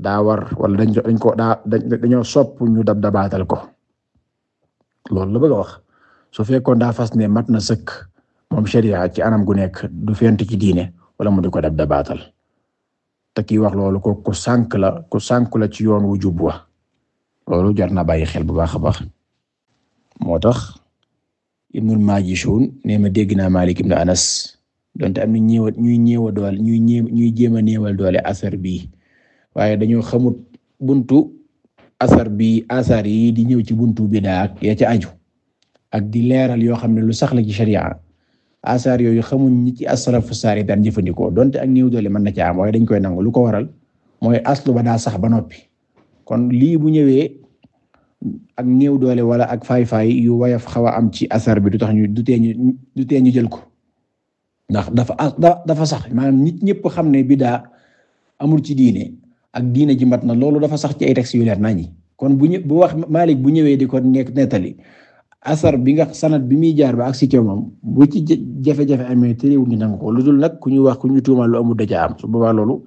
daa war wala dañ ko daa dañoo sopp ñu dab dabaatal ko loolu la bëgg a wax su fekkoon daa fas ne mat na sëkk moom sharia ci anam gu nekk du fent ci diine wala mu di ko dab dabaatal te ki wax loolu ko ku sànq la ku sànq la ci yoon wu jub wa loolu jar na bàyyi xel bu baax a baax moo tax Ibnul Majishun nee ma dégg naa Malik ibn Anas donte am na ñëw ñuy ñëw doole ñuy ñëw ñuy jéem a néewal doole asar bii waaye dañoo xamut buntu asar bi asar yi di ñëw ci buntu bidaa ak ya ca aju ak di leeral yoo xam ne lu sax la ci sharia asaar yooyu xamuñ ñi ci asalafu saari daan jëfandikoo donte ak néew doole mën na caa am waaye dañ koy nangu lu ko waral mooy aslu ba daa sax ba noppi kon lii bu ñëwee ak néew doole wala ak faay-faay yu wayaf xaw a am ci asar bi du tax ñu du tee du tee ñu jël ko ndax dafa dafa sax maanaam nit ñëpp xam ne bidaa amul ci diine ak diine ji mat na loolu dafa sax ci ay textes yu leer kon bu ñu wax Malik bu ñëwee di ko nekk nettali asar bi nga sanad bi muy jaar ba ak si ci moom bu ci jafe-jafe amee terewul ñu nangu ko lu dul ku ñu wax ku u tuumaal lu amul da ca am su boobaa loolu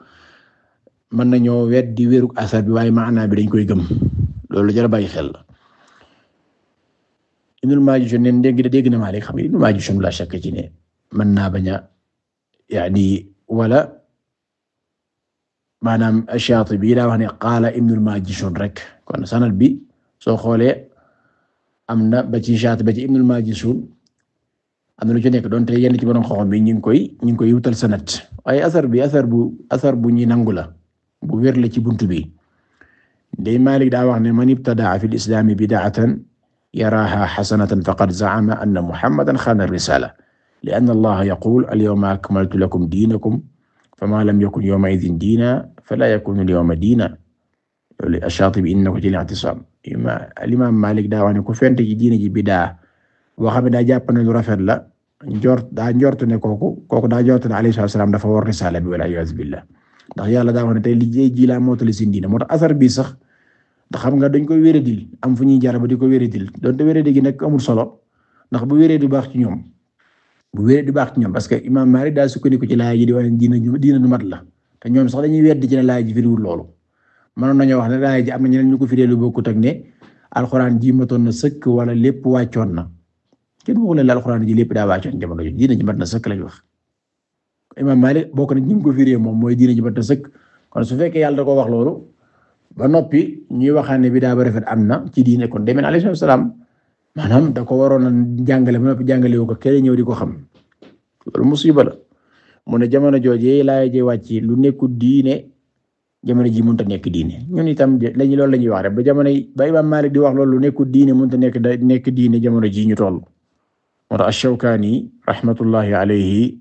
mën nañoo wet di wérug asar bi waaye maanaa bi dañ koy gëm loolu jar a bàyyi xel. Ibnul Maajushun ne dégg na dégg na Maalik xam nga Ibnul Maajushun la shakk ci ne mën naa bañ a yaani wala maanaam Shaatibi daa wax ne qaala Ibnul Maajushun rek kon sanad bi soo xoolee. am na ba ci jaat ba ci Ibnul Majishun am na lu ci nekk doon te yenn ci borom xoxom bi ñu ngi koy ñu ngi koy wutal sanad waaye asar bi asar bu asar bu ñuy nangu la bu wér la ci buntu bi day Malik daa wax ne man ibtadaa fi al-islaami bid'atan yaraaha hasanatan faqad za'ama anna Muhammadan xaana ar-risaala li'anna Allaha yaquulu al-yawma akmaltu lakum diinakum famaa lam yakun yawma'idhin diinan falaa yakunu al-yawma diinan li ash-Shaatibi inna ko ci al-i'tisaam ima alimaam Malik daa wax ne ku fent ci diine ji bidaa boo xam ne daa jàpp ne lu rafet la njort daa njort ne kooku kooku daa njort ne alayhi salaam dafa war risaala bi wala iyaazu billah ndax yàlla daa wax te tey liggéey ji laa mootali moo tax asar bii sax ndax xam nga dañ koy wéradil am fu ñuy jaar ba di ko wéradil donte wéradi gi nag amul solo ndax bu wéree du baax ci ñoom baax ci ñoom parce que imaam Malik daa sukkandiku ci laaj yi di la te ñoom sax dañuy weddi ci ne loolu mënoon nañoo wax ne raaya ji am na ñeneen ñu ko firee lu boo ak ne alxuraan ji matoon na sëkk wala lépp wàccoon na kenn waxu leen la alxuraan ji lépp daa wàccoon jamono ji diina ji mat na sëkk lañ wax. Imam Malik bokk na ñu ko firee moom mooy diina ji mat sëkk kon su fekkee yàlla da ko wax loolu ba noppi ñuy waxaan ne bi daa ba rafet am na ci diine kon demeen alayhi salaam maanaam da ko waroon na jàngale ba noppi jàngale wu ko kenn ñëw di ko xam loolu musiba la mu ne jamono jooju laaya ji wàcc lu nekkul diine. jamono ji mënut a nekk diine ñun itam lañu loolu la ñuy wax rek ba jamono ba Imaam Maalik di wax loolu nekku diine mun a nekk da nekk diine jamono ji ñu toll. moo tax Ash-Shawkaani rahmatullahi alayhi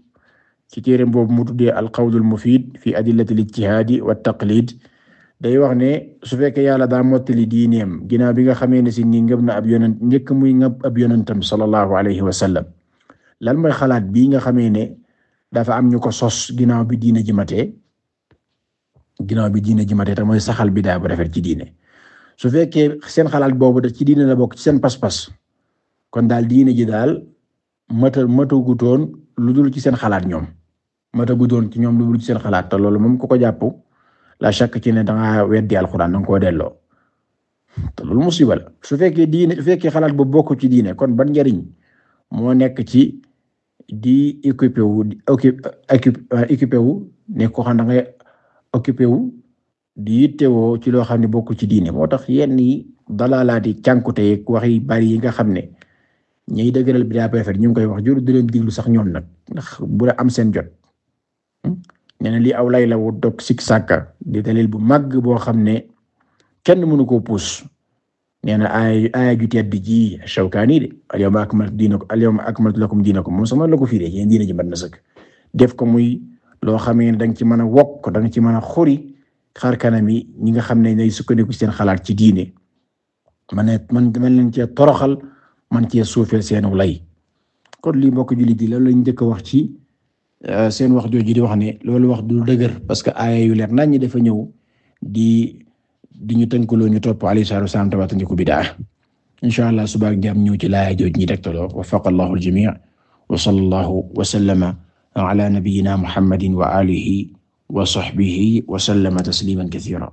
ci téereem boobu mu tuddee al-Qawlul Mufiid fi adillati al-ijtihaadi wa taqliid day wax ne su fekkee yàlla daal mottali diineem ginnaaw bi nga xamee ne si nii ngëb na ab yonent njëkk muy ngëb ab yonentam sallallahu alayhi wa sallam lan mooy xalaat bii nga xamee ne dafa am ñu ko sos ginaaw bi diine ji matee ginnaaw bi diine ji matee te mooy saxal bidaa bu rafet ci diine su fekkee seen xalaat boobu da ci diine la bokk ci seen pas kon daal diine ji daal mata matagutoon lu dul ci seen xalaat ñoom matagutoon ci ñoom lu dul ci seen xalaat te loolu moom ko ko jàpp la chaque ci ne danga weddi alxuraan danga koo delloo te loolu musiba la su fekkee diine su fekkee xalaat bu bokk ci diine kon ban njariñ moo nekk ci di équipé wu équipé wu ne ko xam dangay occupé wu di yittewoo ci loo xam ne bokku ci diine moo tax yenn yi dalaalaati cànkuteeg wax yi bari yi nga xam ne ñiy dëgëral bi daa préfère ñu ngi koy wax jur di leen diglu sax ñoom nag ndax bu la am seen jot. Hmm? nee na li aw lay la wu dog sik sàkka di dalil bu màgg boo xam ne kenn mënu koo puus nee na ay ay ju tedd ji Shawkaani de al-yawma akmaltu diinakum al-yawma akmaltu lakum diinakum moom sama la ko fiiree yéen diine ji mat na sëkk def ko muy. loo xamee ne da nga ci mën a wokk da nga ci mën a xori xar kanam yi ñi nga xam ne ñooy sukkandiku seen xalaat ci diine man man man leen cee toroxal man cee suufeel seenu lay kon lii mbokk jullit yi loolu lañ njëkk a wax ci euh, seen wax jooju di wax ne loolu wax du dëgër parce que aaya yu leer nañ ñi dafa ñëw di di ñu tënkaloo ñu topp alayhi salaatu wasalaam tabatandiku bidaa insha allah suba ak ñëw ci laaya jooju ñi tegtaloo wafaqa allahu al-jamii' wa sallallahu ala nabiyyina muhammadin wa alihi wa sahbihi wa sallama tasliman kathira